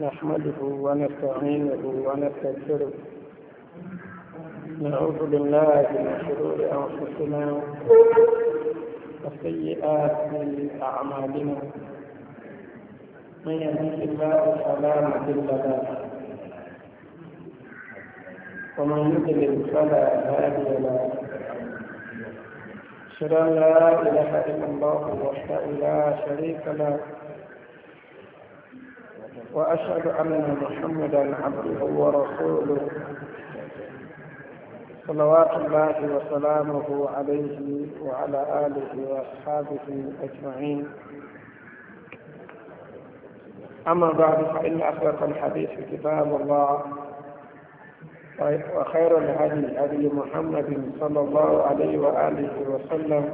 نحمده ونستعينه ونستغفره نعوذ بالله من شرور انفسنا وسيئات اعمالنا من يهده الله فلا مضل له ومن يضلل فلا هادي له اشهد ان لا اله الا الله وحده لا شريك له وأشهد أن محمدا عبده ورسوله صلوات الله وسلامه عليه وعلى آله وأصحابه أجمعين أما بعد فإن أصدق الحديث كتاب الله وخير الهدي هدي محمد صلى الله عليه وآله وسلم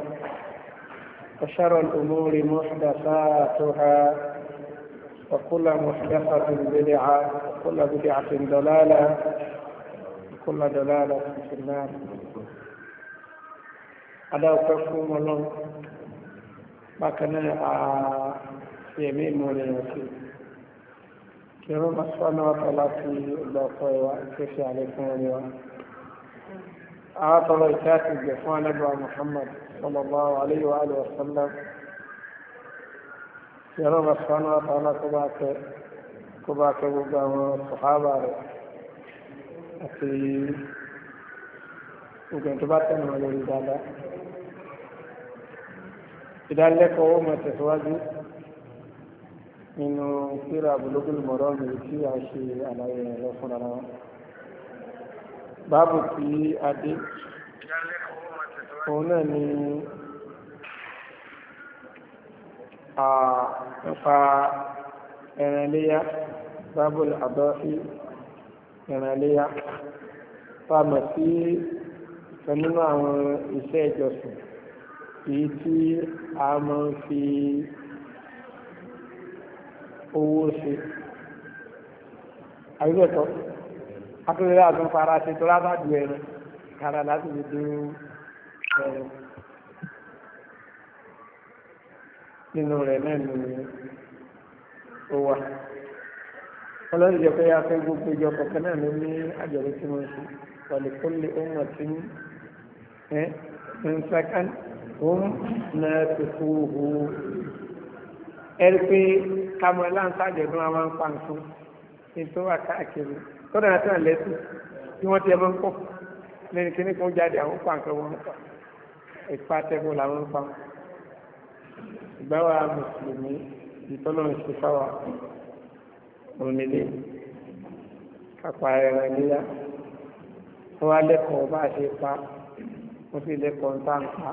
وشر الأمور محدثاتها وكل محدثة بدعة وكل بدعة ضلالة وكل ضلالة في النار ada ọpẹ́ fún Ọlọ́run bákan náà a fi ẹ̀mí ìmọ̀ rẹ̀ hàn sí kí ọlọ́run bá sọ náà wàtà láti ọgbà ọkọ ẹwà tó ṣe àlékún ọrẹ wa àwọn tọrọ ìṣe àti ìgbẹ fún alágbà Muhammad sallallahu alaihi wa alihi wa sallam yọ̀rọ̀ bá sọ́nà àtàlà kó bá kẹ́ kó bá kẹ́ gbogbo àwọn sọ̀hábà rẹ̀ àti gbogbo tó bá tẹ̀lé wọn lórí dáadáa. ìdálẹ́kọ̀ọ́ ó mọ̀ tẹ̀síwájú nínú kíra bulugul marami tí a ṣe àlàyé rẹ̀ lọ fúnra wọn. báàbù tí a dé òun náà ni nípa ẹran iléyá bábùlù àdọ́sí ẹran iléyá pàmò sí ìkan nínú àwọn iṣẹ́ ìjọsìn èyí tí a máa ń fi owó ṣe àyíkẹ́tọ́ akérèlé àtúnfara ṣe tó lábàdù ẹran kára láti lè dúró ẹran. nínú rẹ̀ náà ni ó wà ọlọ́run jẹ́ pé a fẹ́ gbogbo ìjọ kọ̀ọ̀kan náà ló ní àjọ̀dún tí wọ́n ṣe wàlẹ̀ kó lè ó mọ̀ tí ń sákán òun náà ti kú òhù ẹ̀rí pé kámọ́ láǹtàjọ̀dún àwọn ń pa nǹkan ní tó wà káàkiri tó dára tó lẹ́sùn tí wọ́n ti ẹ máa ń pọ̀ lẹ́nu kí ní jáde àwọn pa nǹkan wọn ń làwọn ń pa ìgbáwà mùsùlùmí ìtọ́lọ́run ṣe fáwà onílé kápá ẹ̀rọ ìlera wọ́n wá lẹ́kọ̀ọ́ bá ṣe pa wọ́n sì lẹ́kọ̀ọ́ ń tàn pa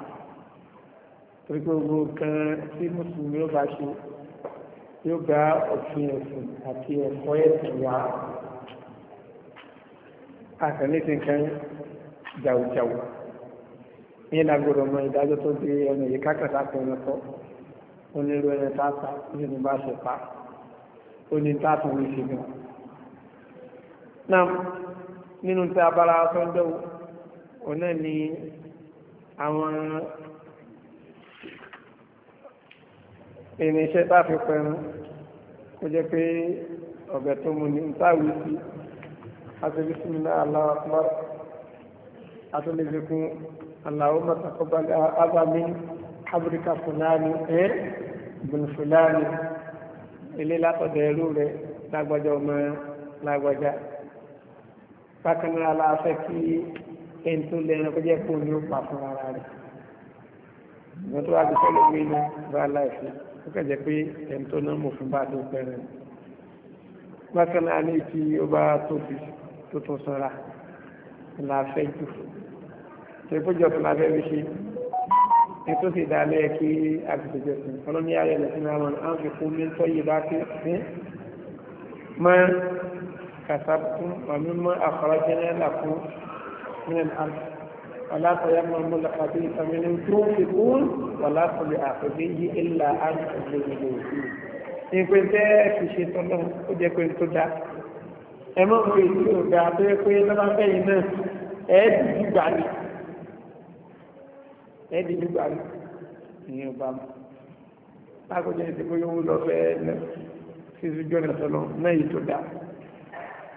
torí gbogbo kan tí mùsùlùmí ó bá ṣe yóò gba òfin ẹ̀sìn àti ẹ̀kọ́ ẹ̀sìn wá àtẹ̀lẹ́sì kan jàùjàù ní ìlàgbọ́dọ̀ mọ ìdájọ́ tó di ẹnu yìí kákàtà kan ẹ̀kọ́ onírú ẹ̀rẹ̀ tààtà ní ní bá ṣe pa oní tààtà ní ṣe gan. náà nínú tí a bára sọ́jọ́ ọ̀nà ni àwọn irinṣẹ́ tá fi pẹ̀rún kó jẹ́ pé ọ̀bẹ̀ tó mú ní táwí sí asibisiminá Allahu akbar atúlẹ̀fikún Allahumma taqabbal azami habrika fulani ẹ́ bùnfùláàni ilé látọ̀dọ̀ ẹrú rẹ̀ lágbájá ọmọ lágbájá bákan náà la fẹ́ kí ẹni tó lẹ́nu kó jẹ́ kó ní ó pa fún ara rẹ̀ ìgbọ́n tó wá ti fẹ́ lómi iná bá láìsí ó kẹ̀jẹ́ pé ẹni tó náà mọ̀ fún bá tó pẹ̀rẹ̀ bákan ní ti ó bá tóbi tó tún sanra la fẹ́ jù tó ìkójọ tó la ṣe ètò sì dálẹ́ kí agbègbè sùn ọlọ́ni ayọ̀ lẹ́sìn náà wọn á fi kún mi tọ́yì bá ti sìn mọ́ kàṣàbùkún àmì mọ́ àkọ́rọ́jẹ́ náà làkún nínú àmì ọ̀làtọ̀yà mọ́ mọ́ lọ́kàtí ìtọ́mi ní tó fi kún ọ̀làtọ̀lẹ̀ àkọ́jẹ́ yìí ìlà àmì ọ̀gbẹ̀rẹ̀ òsì. ìpè tẹ́ fi ṣe tọ́lọ́ ó jẹ́ pé tó dá ẹ mọ̀ pé tí ò dá tó yẹ pé lọ́ba ẹ̀ẹ́dì gbígbà ní ìyẹn ọba mọ́ lákòjẹ́ ìdìbò yóò lọ fẹ́ ẹ̀ẹ́nà sísú jọ́nà sọ́lọ́ náà yìí tó dáa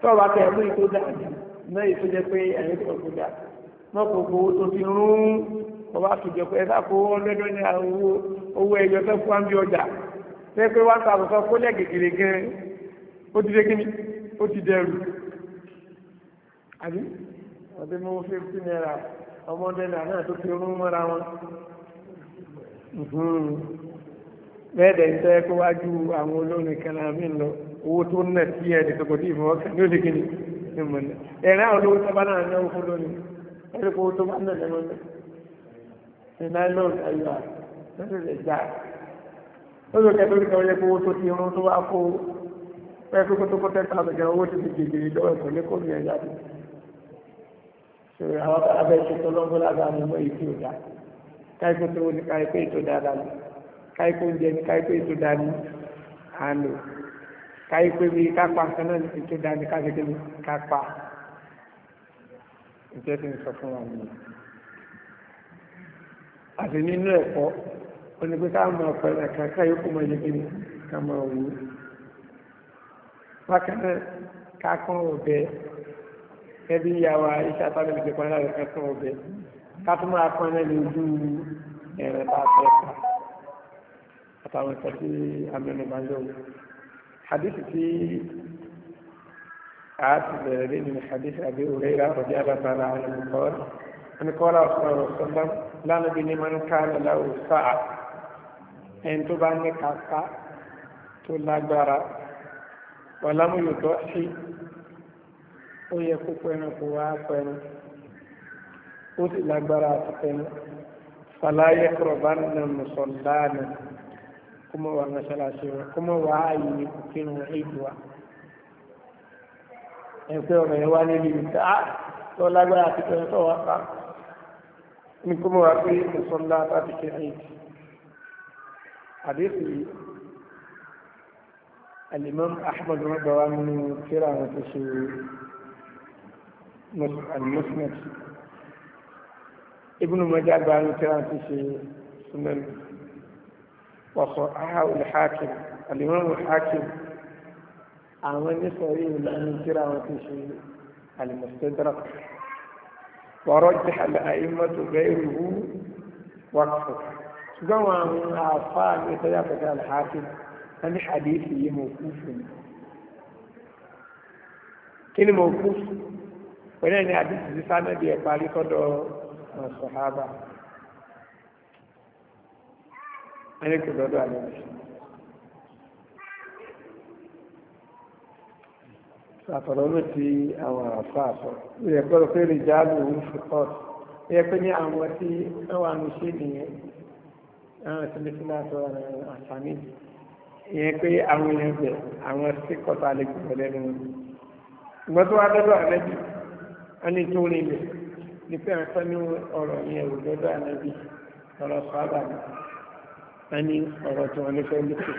tọ́ọ̀bù akẹ́ ẹ̀mú yìí tó dáa jù náà yìí tó jẹ́ pé ẹ̀yìn tó kò dáa náà kò kò tó fi rún ọba tó jẹ́ pé ẹ sáà kó ọlọ́dọ́ ní owó owó ẹyọ tó fún àmì ọjà fẹ́ pé wọ́n ta àbùsọ kó lẹ́ gègèrè gan ó ti dé kíni ó ti dẹrù àbí ọ̀dẹ́mọ́wọ́ fífi náírà ọmọdé náà tó fi rún mọ́ra wọn bẹ́ẹ̀dẹ̀ ń tẹ́ kó wájú àwọn olórin kan àmì lọ owó tó ń nà sí ẹ̀dẹ̀ tó kò tí ìfọwọ́ kan ní òde kìíní ní mọ̀ ní ẹ̀rẹ́ àwọn olówó sábà náà ní ọkọ̀ lónìí ẹ̀rẹ́ kó tó bá ń nàlẹ́ mọ́ ní nylon ayọ̀ lọ́sẹ̀ lè gbà ó lọ kẹ́tọ́ nípa ọyẹ kó owó tó ti rún tó wá kó pẹ́ẹ́kú kó tó kó tẹ́ta àgbẹ̀jẹ̀ owó ti fi gègé lọ́wọ́ ìkọ̀lẹ́kọ̀ọ́ sọ̀rọ̀ ka abe ṣe tọ́lọ́gbọ́ lágbàá ni mọ́ èyí ò dá káíkó tó wọ́n ní káíkó ètò dáadáa ni nje oúnjẹ ní káíkó ni à ka lò káíkó ka kpa kaná ní ètò ni káṣekè ní kápá ìjẹ́ ti ń sọ fún wa nìyẹn. àti nínú ẹ̀kọ́ ó ní pé káàmù ọ̀pẹ ẹ̀ka káyókù ni bákan náà ká kẹbi ìyàwó iṣẹ́ àtàlẹ́ ìgbẹ́ pọ́n láti ẹ̀kọ́ ọbẹ̀ ká tó máa pọ́n náà lójú ẹ̀rẹ̀ bá fẹ́ pa àtàwọn ìfẹ́ tí amẹ́nu bá yọ̀ wọ́n. hadith tí a ti bẹ̀rẹ̀ lé nínú hadith àbí òré ra ọ̀dí àbátára àwọn olùkọ́ ẹni kọ́ ra ọ̀sán ọ̀sán lánàá bí ní máa ó yẹ kó pẹran kó wá pẹran ó sì lágbára àti pẹran fàlàyé kọ̀rọ̀bá nà mùsọ̀láàna kó mọ̀ wá mọ́ṣáláṣí wọn kó mọ̀ wá ààyè ní kòkínú ìlú wa ẹ̀pẹ́ ọ̀rọ̀ yẹn wá níbi ìta ah, tó lágbára àti pẹran tó wá pa ní kó mọ̀ wá pé mùsọ̀láàna ti ṣe àyè حديث الإمام أحمد رضي الله عنه كرامة شيء المسند ابن مجال بن كان في سنن وصححه الحاكم الإمام الحاكم عمل صحيح لأن ترى في المستدرك ورجح الأئمة غيره وقفه كما من أعفاء يتجاوز الحاكم أن حديثه موقوف كلمة موقوف pẹ̀lẹ́ ni àdìsí sí sánẹ́bì ẹ̀ parí tọ́dọ̀ sọ̀hábà ẹni kò lọ́dọ̀ àlẹ́bì àtọ̀rọ̀ ló ti àwọn àfáà sọ ilẹ̀ gbọ́dọ̀ pé lè já lò ó fi pọ̀ ẹ pé ní àwọn tí wọ́n ń ṣe nìyẹn àwọn ìsinmi tí wọ́n sọ àṣàmì ìyẹn pé àwọn èèyàn bẹ̀ àwọn sí kọ́ta lè gbọ́dọ̀ lẹ́nu ìgbọ́n tó wá lọ́dọ̀ àlẹ́bì ẹni tó rí lẹ̀ ní pé ẹ̀fẹ́ ní ọ̀rọ̀ yẹn ò lọ́dọ̀ ànábì ọ̀rọ̀ sábà ẹni ọ̀rọ̀ tí wọ́n ní fẹ́ lókè.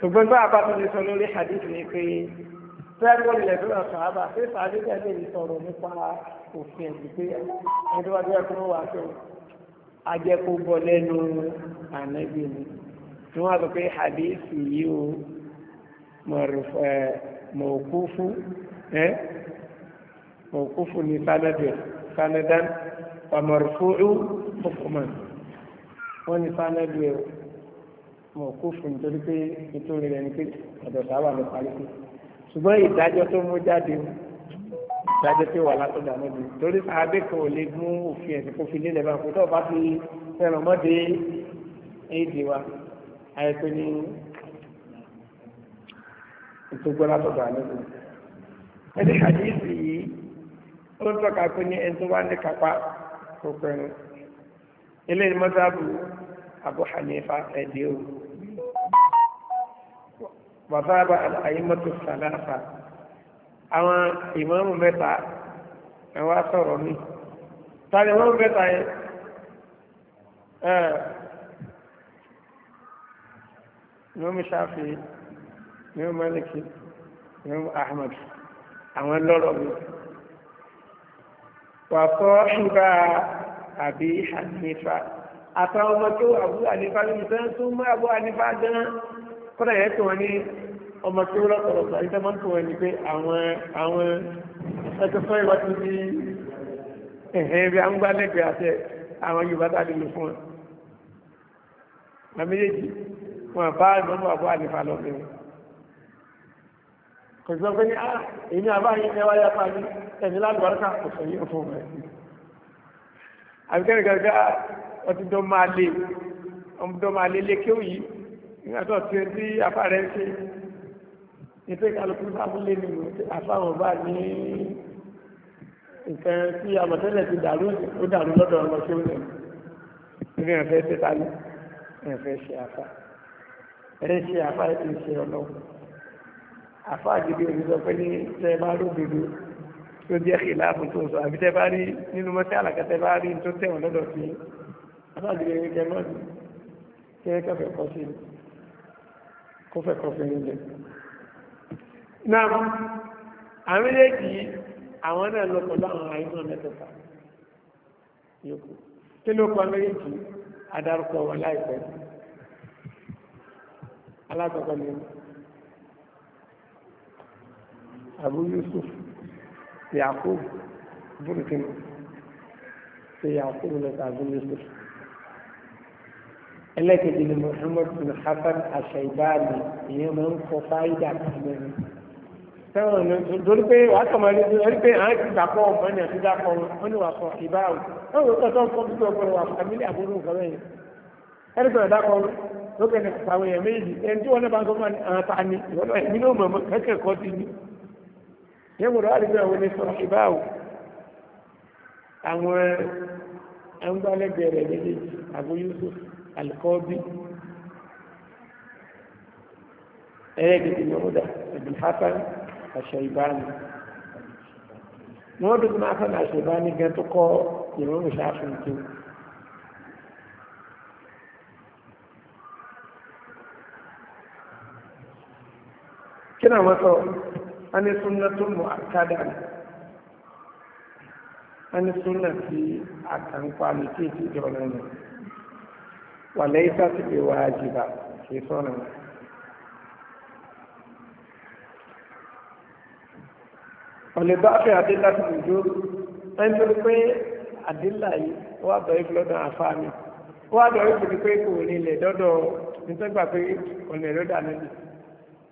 ṣùgbọ́n bá a bá tó lè sọ lórí hadith ni pé fẹ́ẹ́rọ ilẹ̀ tó lọ sọ àbá pé fàájì tẹ̀lé ìsọ̀rọ̀ nípa òfin ẹ̀sìn pé ẹni tó bá jẹ́ kó wà tó ajẹ́kó bọ́ lẹ́nu ànábì ni tí wọ́n sọ pé hadith yìí ó mọ̀ọ́kú fún ẹ́ mọ̀kúfù ní sanadan pàmọ̀rùfúù hukuman wọ́n ní sanadu ẹ̀ mọ̀kúfù nítorí pé nítorí rẹ̀ ní pé ọ̀dọ̀ sábà ló parí pé ṣùgbọ́n ìdájọ́ tó mú jáde ìdájọ́ tó wà látọ̀dọ̀ àmọ́dé torí abẹ́ kan ò lè mú òfin ẹ̀sìn kó fi lélẹ̀ báyìí kó tó bá fi fẹ́ràn mọ́dé éèdè wa àìpé ní ìtògbọ́n látọ̀dọ̀ àmọ́dé. ẹni àdéhùn yìí ó ń tọ́ka pé ní ẹni tó bá ní kápá kò pẹ̀rù eléyìí mọ́sáàbù Abu ẹ̀dẹ́ o bàbá àyímọ́tò sàlàfà àwọn ìmáàmù mẹ́ta àwọn asọ̀rọ̀ mi tani wọ́n mẹ́ta yẹn ìmáàmù Ṣáfì ìmáàmù Málíkì ìmáàmù Ahmad àwọn lọ́rọ̀ mi. wàfọ́ ṣúgbà àbí hanifa àtàwọn ọmọ tó àbú hanifa ní ìtàn tó mú àbú hanifa gan kọ́nà yẹn tó wọn ní ọmọ tó lọ́pọ̀lọpọ̀ àti tẹ́mọ́ tó wọn ní pé àwọn àwọn ẹ̀kọ́ fún ìwà tó di ẹ̀hẹ́ bí àwọn gbálẹ́gbẹ̀ẹ́ àti àwọn Yorùbá tá a lè lò kò sí lọ́pẹ́ ní à ah, èmi àbáyé ẹwà yá pa ní ẹni lálùbáríkà kò sọ yíò fún rẹ̀ àbíkẹ́rì gàgà ọtí tó máa lé ọmọ tó máa lé lékéwù yìí nígbà tó ti ti afá rẹ̀ ṣe ètò ìkàlùkù sáfúnlé ni àfáwọn bá ní nǹkan tí àmọ̀tẹ́lẹ̀ ti dàrú ó dàrú lọ́dọ̀ ọmọ tí ó lẹ̀ nínú ẹ̀fẹ́ ṣe tálẹ̀ ẹ̀fẹ́ ṣe àfá ẹ̀ṣẹ̀ àfá ẹ̀ ṣe ọlọ́run àfáàgìdì òṣìṣọ pé ní tẹ bá lódodo tó jẹ́ kìláàfù tó sọ àbí tẹ bá rí nínú mọ́tí àlàkà tẹ bá rí tó tẹ̀wọ̀n lọ́dọ̀ sí àfáàgìdì òṣìṣọ kẹ mọ́ kẹ kẹfẹ́ kọ sí kó fẹ́ kọ fún ilẹ̀. náà àwọn méjèèjì àwọn náà lọ pẹ̀lú àwọn àìsàn mẹ́tẹ̀ẹ̀ta yòókù kí ló kọ méjèèjì adarúkọ wọn láìpẹ́ alákọ̀ọ́kọ́ ni abu yusuf yakub burkin ṣe yakub lọ́ta abu yusuf ẹlẹ́kẹ̀dẹ̀ ni muhammad bin hasan aṣaibani ìyẹn máa ń kọ fáyidà kàmẹ́rin sẹ́wọ̀n ní torí pé wàá kọ̀mọ́ ní torí pé àwọn ti dàpọ̀ ọmọ ní àti dàpọ̀ wọn ni wàá sọ ìbáwò wọn ò tọ́tọ́ kọ́ bí wọ́n gbọ́dọ̀ wà fàmílì àbúrò nǹkan bẹ́ẹ̀ ẹni tó dàpọ̀ lókè ní pàwọn èèyàn méjì ẹni tí wọ́n náà bá ń sọ fún àwọn ta ni ìwọ́n náà ẹ̀mí náà mọ̀ kẹ́kẹ́ kọ́ ti ní yẹn gbọ́dọ̀ wà nígbà wọn ní sọ ìbáwò àwọn ẹngbálẹ́gbẹ̀ rẹ̀ méjèèjì Abu Yusuf alikọ́bí ẹ̀ẹ́dẹ̀gbẹ̀ mọ́múdà ibn Hasan aṣọ-ìbáni wọ́n dùn máa fẹ́ aṣọ-ìbáni tó kọ́ ìrọ̀rùn a ní súnà tó mọ̀ àkádà ní a ní súnà tí a kàn pa ní kí èsì jọ náà nù wà lẹ́yìn sáti pé wà á jìbà kì í sọ̀nà wọn. ọ̀lẹ́ bá fẹ́ àdílà tó dùn dúró ẹni tó pé àdílà yìí wà bọ̀ ibi lọ́dọ̀ àfáà mi wà bọ̀ ibi pé kò ní ilẹ̀ dọ́dọ̀ nítorí pé ọ̀nà ẹ̀rọ dà níbi.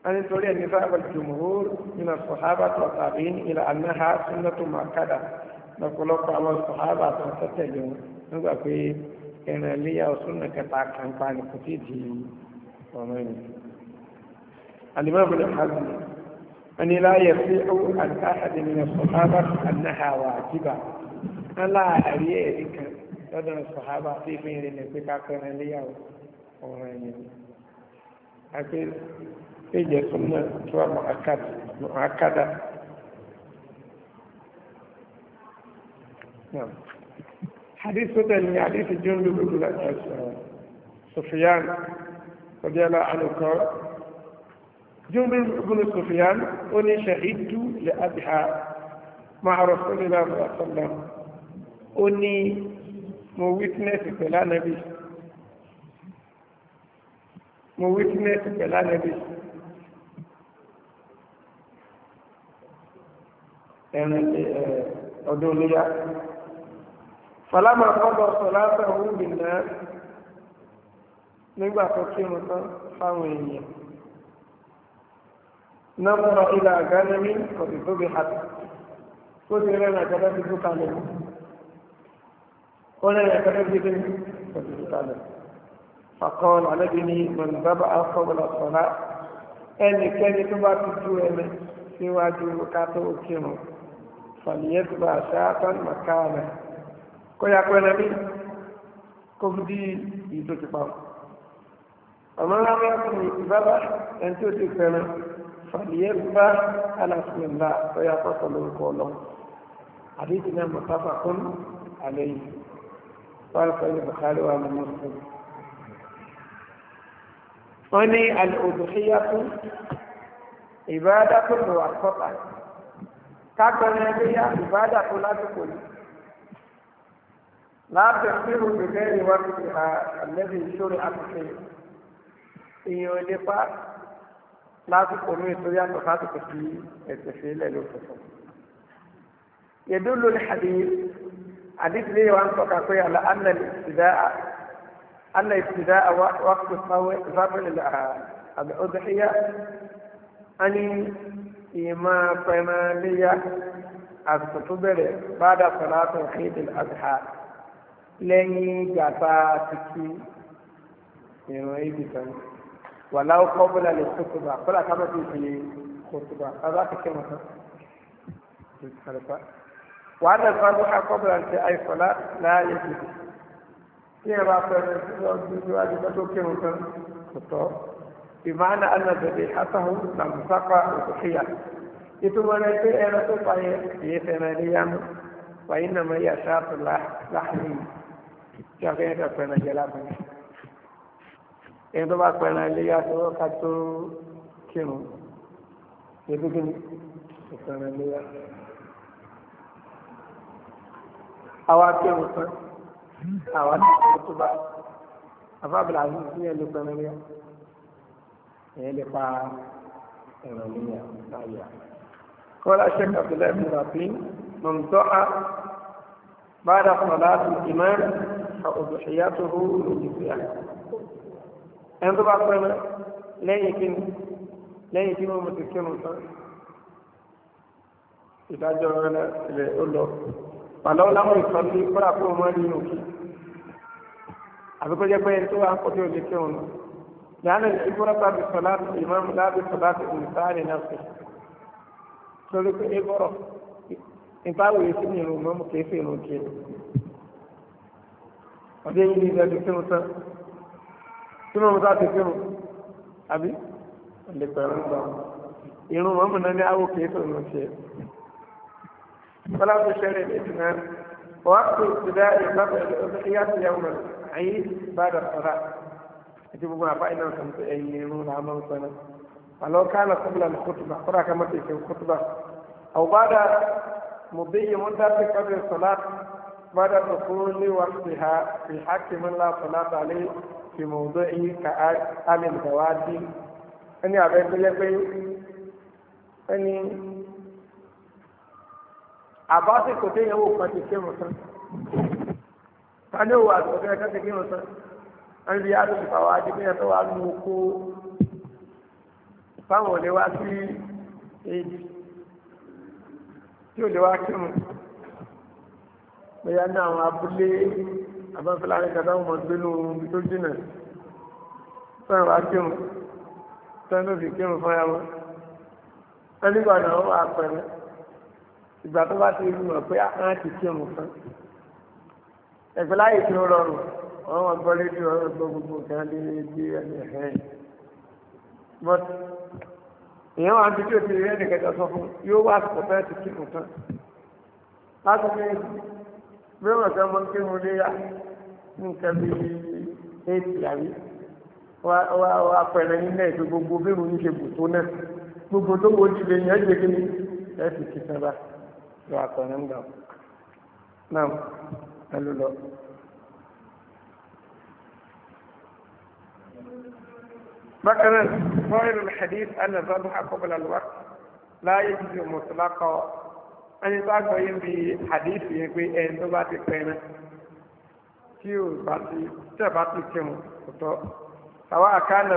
أن تولي النفاق الجمهور من الصحابة والتابعين إلى أنها سنة مؤكدة نقول لك على الصحابة تتجون نقول في إن لي وسنة كتاك عن قاني أمين. ومين الإمام بن حزم أن لا يصيح عن أحد من الصحابة أنها واجبة ألا أريئك لدى الصحابة في فين لنفسك كان لي ومين أكيد yóò jẹ́ súnà tó wà mọ̀ákádà. حديث بدل من حديث الجند بن سفيان رضي الله عنه قال جند بن سفيان أني شهدت لأبها مع رسول الله صلى الله عليه وسلم أني mo witness pẹ̀lú ànábì mo witness pẹ̀lú ànábì ẹ̀rìn ọdún léyà fàlámà kọ́dọ̀ sọ̀láṣà òun bì náà nígbà tó kírun tán fáwọn èèyàn nọ́mọ̀rọ̀ ilẹ̀ àgánẹ́mí kọ̀bí tó bí hàtà tó ti rẹ́rìn àjọba ti tó kalẹ̀ ó rẹ́rìn àjọba ti tó kalẹ̀ fàkọ́ọ̀n alẹ́bí ni mọ̀nìbábà àkọ́bọ̀lá sọ̀lá ẹnikẹ́ni tó bá ti ju ẹ̀mẹ́ síwájú ká tó kírun fàníyẹ́tùbà sáátán màkàánà kọ́yà pẹ́rẹ́ mi kó fi dí ìdó ti pa àmọ́ lábẹ́ ọkùnrin ìbábá ẹni tí ó ti fẹ́ràn fàníyẹ́tùbà aláṣẹ́lá kọ́yà pọ́pọ́ lórúkọ ọlọ́run àdéhùn náà mọ̀táfà kún àlẹ́ yìí wọ́n fẹ́ ní bàkárẹ́ wà ní mọ́sùlùmí wọ́n ní fún ìbáradá tó lọ́wọ́ àkọ́kọ́ kápẹ́rẹ́ ẹgbẹ́ yá ìbádà tó lásìkò yìí láti fíìmù gbẹgbẹ́ ìwádìí ti ha àlẹ́bí ìṣòro àtúnṣe ìyẹn ò lè pa lásìkò ní ìtòrí àtọ̀ lásìkò sí ẹ̀sẹ̀ fi ilẹ̀ ló tuntun. يدل الحديث حديث لي وان تقاكوي على أن الابتداء أن الابتداء وقت الظهر الأضحية أن ìmọ̀ pẹ̀mọ́ léyà àsìkò tó bẹ̀rẹ̀ bàdà sọ̀látò ìdìl àbíhà lẹ́yìn ìgbàta títí ìrùn ìdì tán wà láwùkọ́ bọ́lá lè kótóbà kọ́lá ká má ti fi kótóbà kábà kékeré wọn tán. وأن الفاتحة قبل أن أي صلاة لا يجب. كيف أفعل؟ بمعنى أن ذبيحته لم تقع أضحية يتوما نتي أنا تطعي ثمانية وإنما هي شاط لحمي جاكين كفنا جلابا إن تبا كفنا ليا تو كتو كينو يتوكين كفنا ليا أواكي مصر أواكي مصر أفا بالعزيز هي اللي كفنا ليا èyí lè pa ẹ̀ràn ní àyà. kọ́lá ṣẹ́ka fìlẹ́ mùràbí mọ̀mùtọ́ a bára kọ̀lá tó ìmọ̀ ọ̀dọ̀ ìyá tó hó olùdíje à. ẹni tó bá pẹ́ mọ́ lẹ́yìn kí ni lẹ́yìn tí mo ti kírun tán ìdájọ́ لأن العبرة بصلاة الإمام لا بصلاة الإنسان نفسه تلك عبرة ìbáwò yìí sí ní irun mọ́mú kìí fi irun kiri ọdẹ yìí ní ilẹ̀ fífún tán tí mọ́mú tá ti fífún àbí ọ̀lẹ́ pẹ̀lú gbà irun mọ́mú náà ní awò kìí fi irun kiri fọláwọ́ sẹ́rẹ̀ lẹ́tì náà wọ́n á kó ìtura ìgbàgbọ́ ìyá ti yà wọ́n àyè bá dà sọ̀rọ̀. àti gbogbo àbá iná kan tó ẹ̀yìn irun là máa ń sọ náà àlọ́ kánà kọ́bùlà ní kótóbà kọ́dà ká má tètè kótóbà àwòbádà mùbẹ́yẹ wọn dá sí kábíyè sọ̀lá bàdà tó kúrò ní wà sí ha fi hákì mi ńlá sọ̀lá tàlẹ́ fi mọ̀ọ́dọ́ èyí ká alẹ́ ìgbàwá dín ẹni àbẹ́ tó yẹ pé ẹni àbá sì kò téèyàn wò tani ò wà àtọ̀kẹ́ ká ti kí wọn sàn wọ́n fi yára lùfà wá di bíyàn tó wá lu oko fáwọn ò lè wá sí èdè tí ò lè wá kírun bóyá ní àwọn abúlé abáfẹ́láàrin kàtà wọn gbénu ibi tó jìnà fẹ́ràn wá kírun fẹ́ràn ló fi kírun fún ẹwọ́n wọ́n nígbà náà wọ́n wà pẹ̀lú ìgbà tó bá ti rí mọ̀ pé àwọn ti kírun fún ẹ̀fẹ́ láyè kírun rọrùn àwọn agbárí tí wọ́n gbọ́ gbogbo kan lé gbé ẹni ẹ̀hẹ́n but èèyàn wà níbi tí o ti rí ẹnì kẹta sọ fún yóò wá àsìkò fẹ́ ti kí nǹkan láti ní mẹ́wàá kan mọ́ kí mo lé yá nǹkan bí éèdì àrí wá wá pẹ̀lẹ́ nílẹ̀ ètò gbogbo bí mo ń ṣe bù náà gbogbo tó wo ti lè yẹn gbégbé ní ẹ ti kí sábà lọ àpẹẹrẹ ń gbà náà ẹ ló lọ. مثلا ظاهر الحديث أن الذبح قبل الوقت لا يجوز مطلقا ẹni tó àgbọ̀yé bí hadith yẹn pé ẹni tó bá ti pẹ́ẹ́nà tí ò bá ti tẹ̀ bá ti kírun kò tọ́ àwọn àkànnà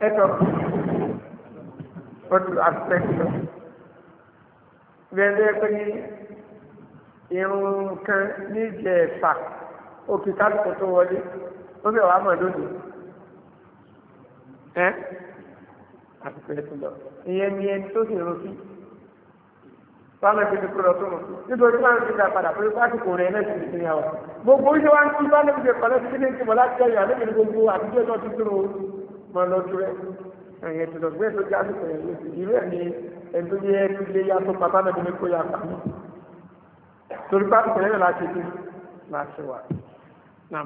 Let us what aspect whether kani irun kan ní ìjẹ̀fà òkè kálukú tó wọlé ó bẹ̀ wàá mọ̀ lónìí ẹ́ àtìkò ẹ̀ tó lọ ìyẹn ni ẹni tó sì rún sí fáwọn ẹgbẹ́ tó kúrò tó mọ̀ nítorí fáwọn ẹgbẹ́ tó padà pé pásítọ̀ rẹ̀ náà ti di ìyàwó gbogbo oṣù wa ń kí fáwọn ẹgbẹ́ tó kọ̀ lọ́sí kí ní ìtìmọ̀ láti ẹ̀yọ̀ àlejò gbogbo àtijọ́ tó ti dúró oṣù máa lọ dúró ẹ̀yìn ẹ̀tùtù gbé tó já sípò yẹn lóṣù ìlú ẹ̀ ní ẹ̀dú yẹ kí lé yá tó pátá náà ní kó yá pa mí torí bá tẹ̀lé náà láti dé láti wà náà.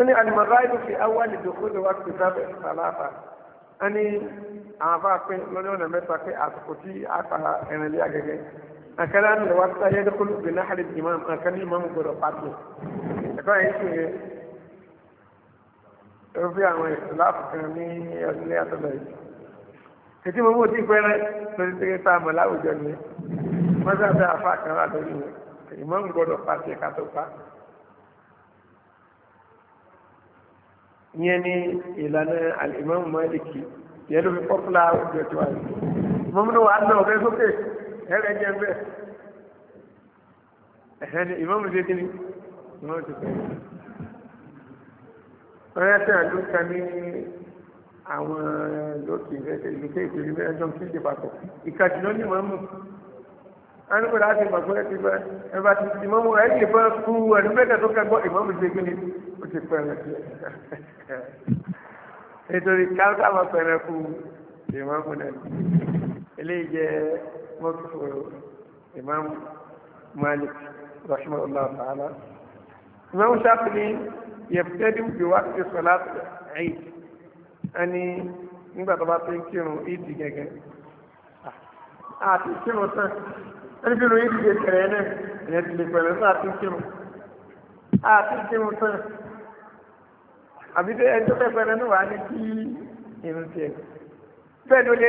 ẹni alimọ̀láìdù fi awọ́lì dòkúdò wá ti sábẹ̀ sàlàfà ẹni àwọn afá pé lọ́dún ọ̀nà mẹ́ta pé àsìkò tí a fa ẹ̀rìnlẹ́ agẹ́gẹ́ àkàrà ń lọ wá sáyé dókòlù gbẹ̀náhàlì ìmọ̀ àkàrà ìmọ̀ gbọ́dọ̀ pàtó ẹ̀kọ́ yẹn ti yẹ ẹ̀rọ fi àwọn ìsìláàfù kan ní ọdún ní àtọ̀lẹ̀ yìí ètí mo mú òtí pẹ́rẹ́ lórí tẹ́gẹ́ tá a láwùjọ ni wọ́n sábà afá kan látọ̀jú ni ìmọ̀ ń gbọ́dọ̀ pa sí ẹ̀ka tó pa. ìyẹn ní ìlànà Imam Maliki yẹn ló fi pọ́pùlà àwùjọ tó wáyé mọ́múnú wa lọ ọ̀bẹ sókè ẹ̀rẹ̀ jẹ́ bẹ́ẹ̀ ẹ̀hẹ́ni ìmọ̀ mi ṣe kí ni ìmọ̀ mi ṣe pẹ́ẹ́rẹ́ rántí àdúgbò ní àwọn lókè ìrẹsẹ̀ ìgbésẹ̀ ìpínlẹ̀ mẹ́rin jọ kí n ṣe papọ̀ ìkàtí ló ní mọ́mù anúgbò láti mọ̀ pé ti bá ẹ bá ti ti mọ́mù ẹ̀ lè bá kú ẹ̀rú mẹ́ta tó kẹ́gbọ́ ìmọ̀mù ṣe kí ni ó ti pẹ̀rẹ̀ sí ẹ̀ nítorí káńtà máa pẹ̀rẹ̀ kú ìmọ̀mù náà eléyìí jẹ́ mọ́tò ìmọ̀mù Malik rahimahullah ta'ala ìmọ̀mù Shafi'i yẹ̀fẹ́dí bí wá ti sọ láti ẹ̀yìn ẹni nígbà tó bá ti ń kírun ìdí gẹ́gẹ́ àti kírun tán ẹni kírun ìdí gẹ́gẹ́ náà ẹ̀yẹ ti lè pẹ̀lú sí àti kírun àti kírun tán àbí tẹ ẹni tó fẹ́ pẹ̀lú ní wàá ní kí irun tiẹ̀ bẹ́ẹ̀ ni olè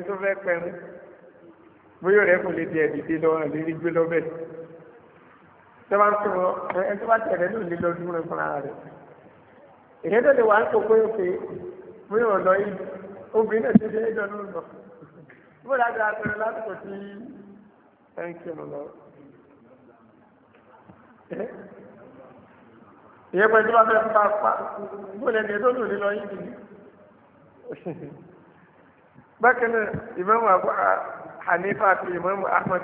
níbẹ̀ bóyá rẹ̀ kò lè di ẹ̀dìdì lọ́wọ́ lè rí gbé lọ́bẹ̀. tọ́ba ń sọ ẹ tọ́ba tẹ̀lé ló lè lọ dúró fún ara rẹ̀. èyí tó lè wà ń kó pé òkè bóyá ọ̀nà ìlú obìnrin náà ti dé ẹjọ́ ló lọ. bó dájú àtẹrẹ lásìkò tí ẹ ń kí mu lọ. ìyẹn pẹ̀lú bá fẹ́ fún apá bó lẹ́ni ètò lòdì lọ yìí nìyí. bákan náà ìmọ̀ àwọn àbúrò hanifa àti imam ahmed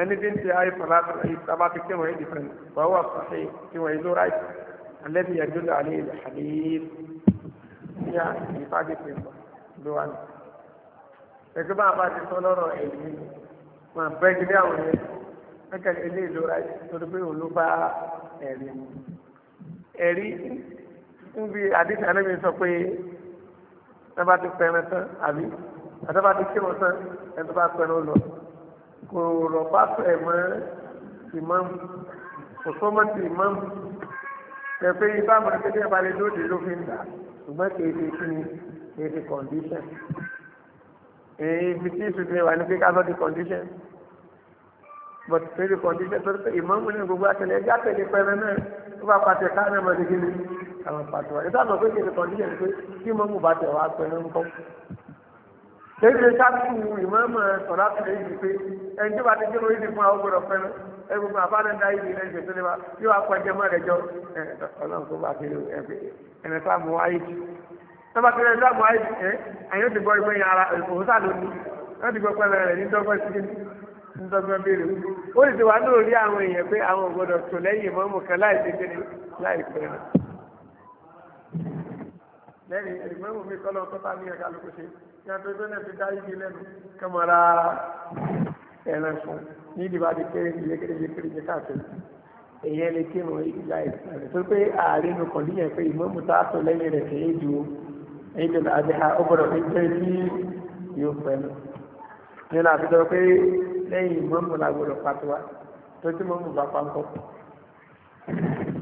ẹni bí ń ti ayé fọláṣọ èyí sábà ti kí wọ́n yé dìfẹ́n wà wà sàhé kí wọ́n yé ló ráì alẹ́bí yẹjú lọ àlẹ́ ilẹ̀ hadith ní à nípa dìfẹ́n bọ̀ ló wà ní. ẹgbẹ́ bá a bá ti sọ lọ́rọ̀ ẹ̀yìn mà bẹ́ẹ̀ gidi àwọn yẹn mẹ́kà ilé ìlú ráì lórí pé òun ló bá ẹ̀rí mu. ẹ̀rí àtàbà ti kírun tán ẹni tó bá pẹ̀lú lọ kò rọ̀ bá pẹ̀ mọ́ ìmáàmù kò sọ mọ́ ti ìmáàmù pẹ̀pẹ́ ibà mọ̀ pé bí abalẹ̀ lóde ló fi ń dà ṣùgbọ́n kì ṣe kí ni kì ṣe condition èyí fi tí ìṣù ti wà ní pé ká sọ di condition but pé di condition tó ṣe ìmáàmù ní gbogbo àtẹlẹ ẹgbẹ́ àtẹlẹ pẹ̀lẹ́ náà tó bá pàṣẹ ká náà mọ̀ ní kí ni àwọn pàṣẹ wà ní sáà mọ̀ pé kì í ṣe condition pé kí mọ̀mù bá tẹ̀ wá pẹ̀lú ńkọ́ lẹ́yìn sáàtù ìmọ̀ọ́mọ̀ sọ̀rọ̀ àtúndé yìí pé ẹni tó bá ti jẹ́wọ́ yìí fún àwọn gbọ́dọ̀ fẹ́ràn ẹni gbogbo àbánadá yìí lẹ́yìn ìṣẹ̀tọ́ lẹ́wà yóò apá jẹ́mọ́ rẹ̀ jọ ọlọ́run tó bá kéré ẹ̀mí sáàmù ayé jù tó bá kéré sáàmù ayé jù ẹ̀ àyẹ̀wò ti gbọ́ ìgbẹ́ yẹn ara òun sáà ló ní wọ́n ti gbọ́ pẹ́lẹ́ rẹ̀ ní dọ́gbọ́n sí ntọ́gbọ́n béèrè ó sì wá lórí àwọn èèyàn pé lẹ́yìn mọ́mù mi kọ́ lọ́kọ́ ní ẹ̀ka lóko ṣe yàtọ̀ tó náà fi dá igi lẹ́nu kẹmọ́ra ẹran fún ní ìdìbò àti kéré ìyẹ́ kéré ìyẹ́ kéré ìyẹ́ káàkiri èyí ẹni kí nù ìlà ìsìlẹ̀ tó pé ààrẹ nù kàn níyẹn pé ìmọ̀ mùtá tó lẹ́yìn rẹ̀ kì í ju ẹ̀yìn tó láti ha ó gbọ́dọ̀ fi jẹ́ ní yóò pẹ̀lú nínú àfihàn pé lẹ́yìn ìmọ̀ mùtá gbọ́dọ̀ pàtó wa tó tí mọ̀ mùtá pàǹkọ́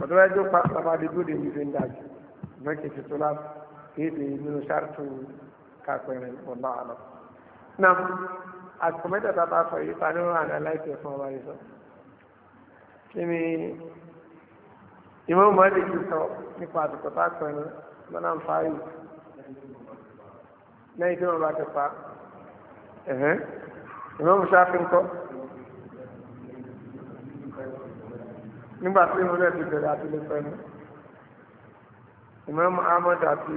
ọ̀dọ́wẹ́jọ́ pàpàdé gbọ́dọ̀ ìlú fi ń dájú mọ́kì tuntun láti kéde nínú sáà tó kápẹ́rin ọ̀la àlọ́. na àsìkò mẹ́tẹ̀ẹ̀ta bá sọ yìí ta ni wọ́n àná láìpẹ́ fún ọba yìí sọ. kí ni ìmọ̀ mọ́lẹ̀ yìí sọ nípa àsìkò tá a pẹ̀rin lọ́nà ń fa yìí lẹ́yìn tí wọ́n bá ti pa ìmọ̀ musa fi ń kọ́. nígbà tí ìmọ̀ náà ti bẹ̀rẹ̀ àti lè pẹ̀rin ìmọ̀ Ahmad àti.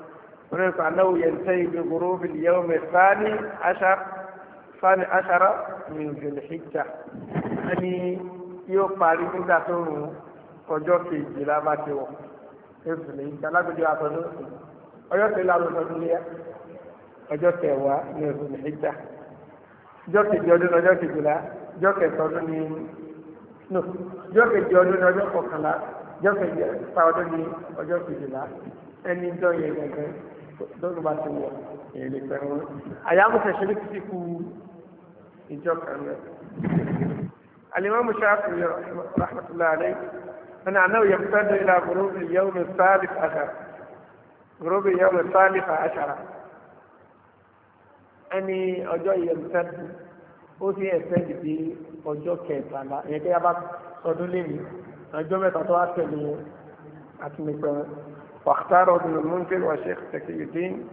ولذلك أنه ينتهي بغروب اليوم الثاني عشر الثاني عشر من ذي الحجة أني يقاري من ذاته ọjọ́ kejì la bá ti wọ̀ ẹ̀fìlẹ̀ ìjà lágbèjọ àtọ́jú ọjọ́ kejì àtọ́jú ọdún yá ọjọ́ kẹwàá ní ẹ̀fìlẹ̀ ìjà ọjọ́ kejì ọdún ọjọ́ kejìlá ọjọ́ kẹta ọdún ní no ọjọ́ kejì ọdún ní ọjọ́ kọkànlá ọjọ́ kejì ọdún ní ọjọ́ kejìlá ẹni jọ yẹ gẹ́gẹ́ lọ́dún bá ti wọ èlé pẹ̀lú àyàmùsẹ̀ ṣe ní títí kú ìjọ kan rẹ̀. alimami shafi rahmatullahi alayhi ana anahu yamtadu ila gurubi yawmi salif ashara gurubi yawmi salif ashara ẹni ọjọ́ yamtadu ó sì ẹsẹ̀ dìde ọjọ́ kẹtàlá ẹ̀yẹ́dẹ́yà bá sọdún lé ọjọ́ mẹ́ta tó wá tẹ̀lé àtúnipẹ̀rẹ̀. فاختاروا ابن المنكر وشيخ تكي الدين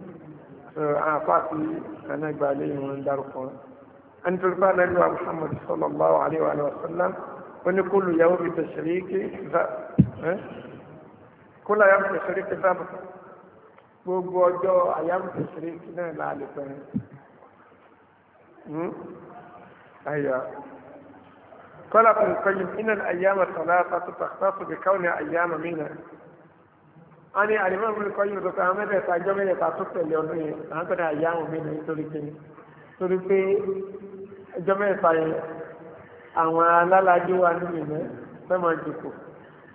اعطاني آه، انا عليهم من دارهم ان تلقانا الى محمد صلى الله عليه وآله وسلم وان كل يوم تشريك ذا كل يوم تشريك ذا بوجو ايام تشريك لا لفهم هيا أيوة. قال ابن القيم ان الايام الثلاثه تختص بكونها ايام منها wọ́n ní àdìmọ́ mi kọ́ yóò dọ́kọ̀ àwọn mẹ́tẹ̀ẹ̀ta ìjọ mẹ́tẹ̀ẹ̀ta tó tẹ̀lé ọdún yẹn àwọn tó dáa yá àwọn mẹ́tẹ̀ẹ̀ nítorí pé torí pé ìjọ mẹ́tẹ̀ẹ̀ta yẹn àwọn alálàájú wa nínú ìmọ̀ fẹ́ máa jòkó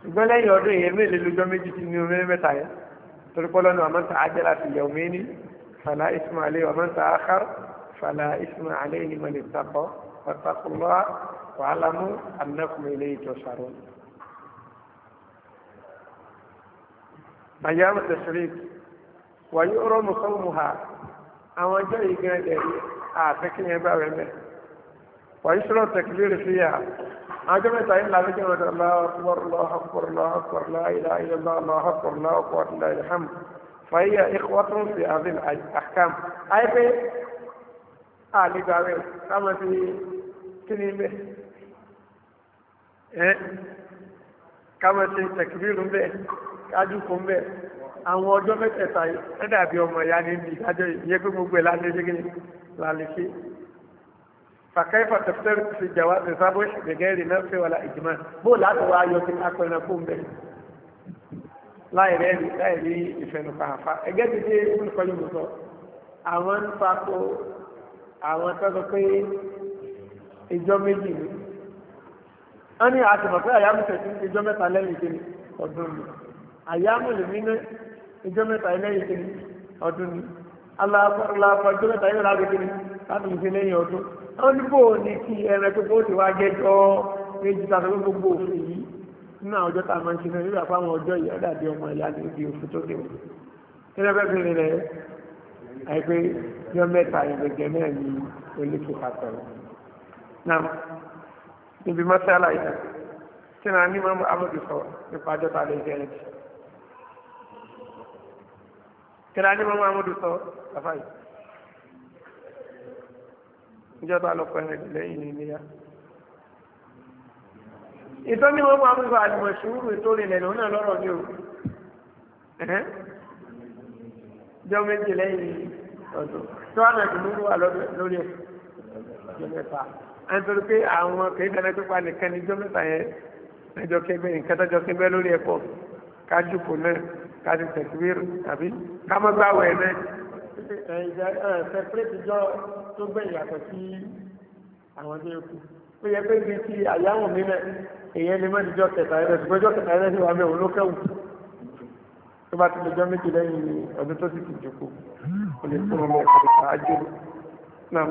ṣùgbọ́n lẹ́yìn ọdún yẹn mélòó lójọ́ méjì tí ní omi mẹ́ta yẹn torí pé lọ́nà àmọ́ ta ajẹ́ láti yẹ omi ní fàlà ìsúnmọ́ àmọ́ ta akar fàlà ìsúnmọ́ àlẹ́ ìnìmọ̀ lè أيام التشريك ويؤرم صومها أما جاء يقال أعتقني آه، باب المال ويشرع التكبير فيها أجمع تعين لا تجمع الله أكبر الله أكبر الله أكبر لا إله إلا الله الله أكبر الله أكبر الله الحمد فهي إخوة في هذه الأحكام أي في آل جاوي أما في كلمة إيه؟ كما في تكبير به ṣáájú fún bẹ́ẹ̀ àwọn ọjọ́ mẹ́tẹ̀ẹ̀ta ẹ dàbí ọmọ ìyá ní ibi ìdájọ́ ìyẹn pé gbogbo ẹ̀ lálẹ́ ṣe kíni lálẹ́ ṣe. fàkẹ́fà tẹ̀fẹ́rẹ́ ti jàwá ti sábó gẹ́gẹ́ rì náà fẹ́ wàlá ìjìmá bó láti wá ayọ̀ ti apẹ̀rẹ̀ fún bẹ́ẹ̀ láì rẹ́ rí láì rí ìfẹ̀nùfàǹfà ẹgẹ́ ti dé olùkọ́ yìí mú sọ àwọn ń fako àwọn tó pé ìjọ méjì ni wọ́n ní àtìmọ̀ pé àyàmùsẹ̀ ti ń ṣe ìjọ mẹ́ta lẹ́yìn ìkíni ọdún mi àyámùlù mi ní ìjọ mẹ́ta ẹlẹ́yìn kiri ọdún ni aláàpọ̀ ìjọ mẹ́ta ẹlẹ́yìn lágbègbè ni láti fi lẹ́yìn ọdún ó ní bò ní kí ẹran tó bó ti wá jẹjọ méjì tàbí gbogbo òfin yìí nínú àwọn ọjọ́ tá a máa ń ṣe náà nígbà fáwọn ọjọ́ yìí ọ̀dàdé ọmọ ìyá ní ibi òfin tó dé wọn. kílẹ̀ fẹ́ fi rìn rẹ̀ àìpé yọ mẹ́ta ìgbẹ̀gẹ̀ náà ní olókè pàtó. náà níbi mọ́sálà yìí tí náà ní mọ́mú amọ̀dé sọ nípa ọjọ́ tá a lè jẹ́ ẹ̀jẹ̀ kíni adé mọ́ mahamudu sọ bàbá yìí ìjọba lọ́pọ̀ ẹ̀rẹ̀ lẹ́yìn ní ilé yá ìtọ́ ní wọ́n mahamudu sọ àdìmọ̀ ìṣòro ètò ìrìnlẹ̀ lòun náà lọ́rọ̀ ní o jọ méjì lẹ́yìn ọdún tí wọ́n náà dùnú wà lórí ẹ̀ jọ mẹ́fà ẹ̀ nítorí pé àwọn kìí dáná tó pa nìkan ní jọ mẹ́fà yẹn ẹjọ́ kẹgbẹ́ nǹkan tó jọ kẹgbẹ́ lórí ẹ̀ pọ̀ kájú kò náà káàdì tẹ̀síwìr àbí kámọ́gbàwẹ̀ ẹ̀ sẹpẹrẹtì jọ tó gbẹ̀yìn yàtọ̀ sí àwọn tó yẹ kú ó yẹ pé bíi ti àyáwó mi náà èèyàn lè má di jọ kẹta ẹ lọsùn gbẹjọ kẹta ẹ lọsùn wà mí òun ló kẹwù tó bá ti lè jọ méjì lẹ́yìn ọdún tó ti jòkó ó lè fún ọmọ ìpàdé ṣáájú náà.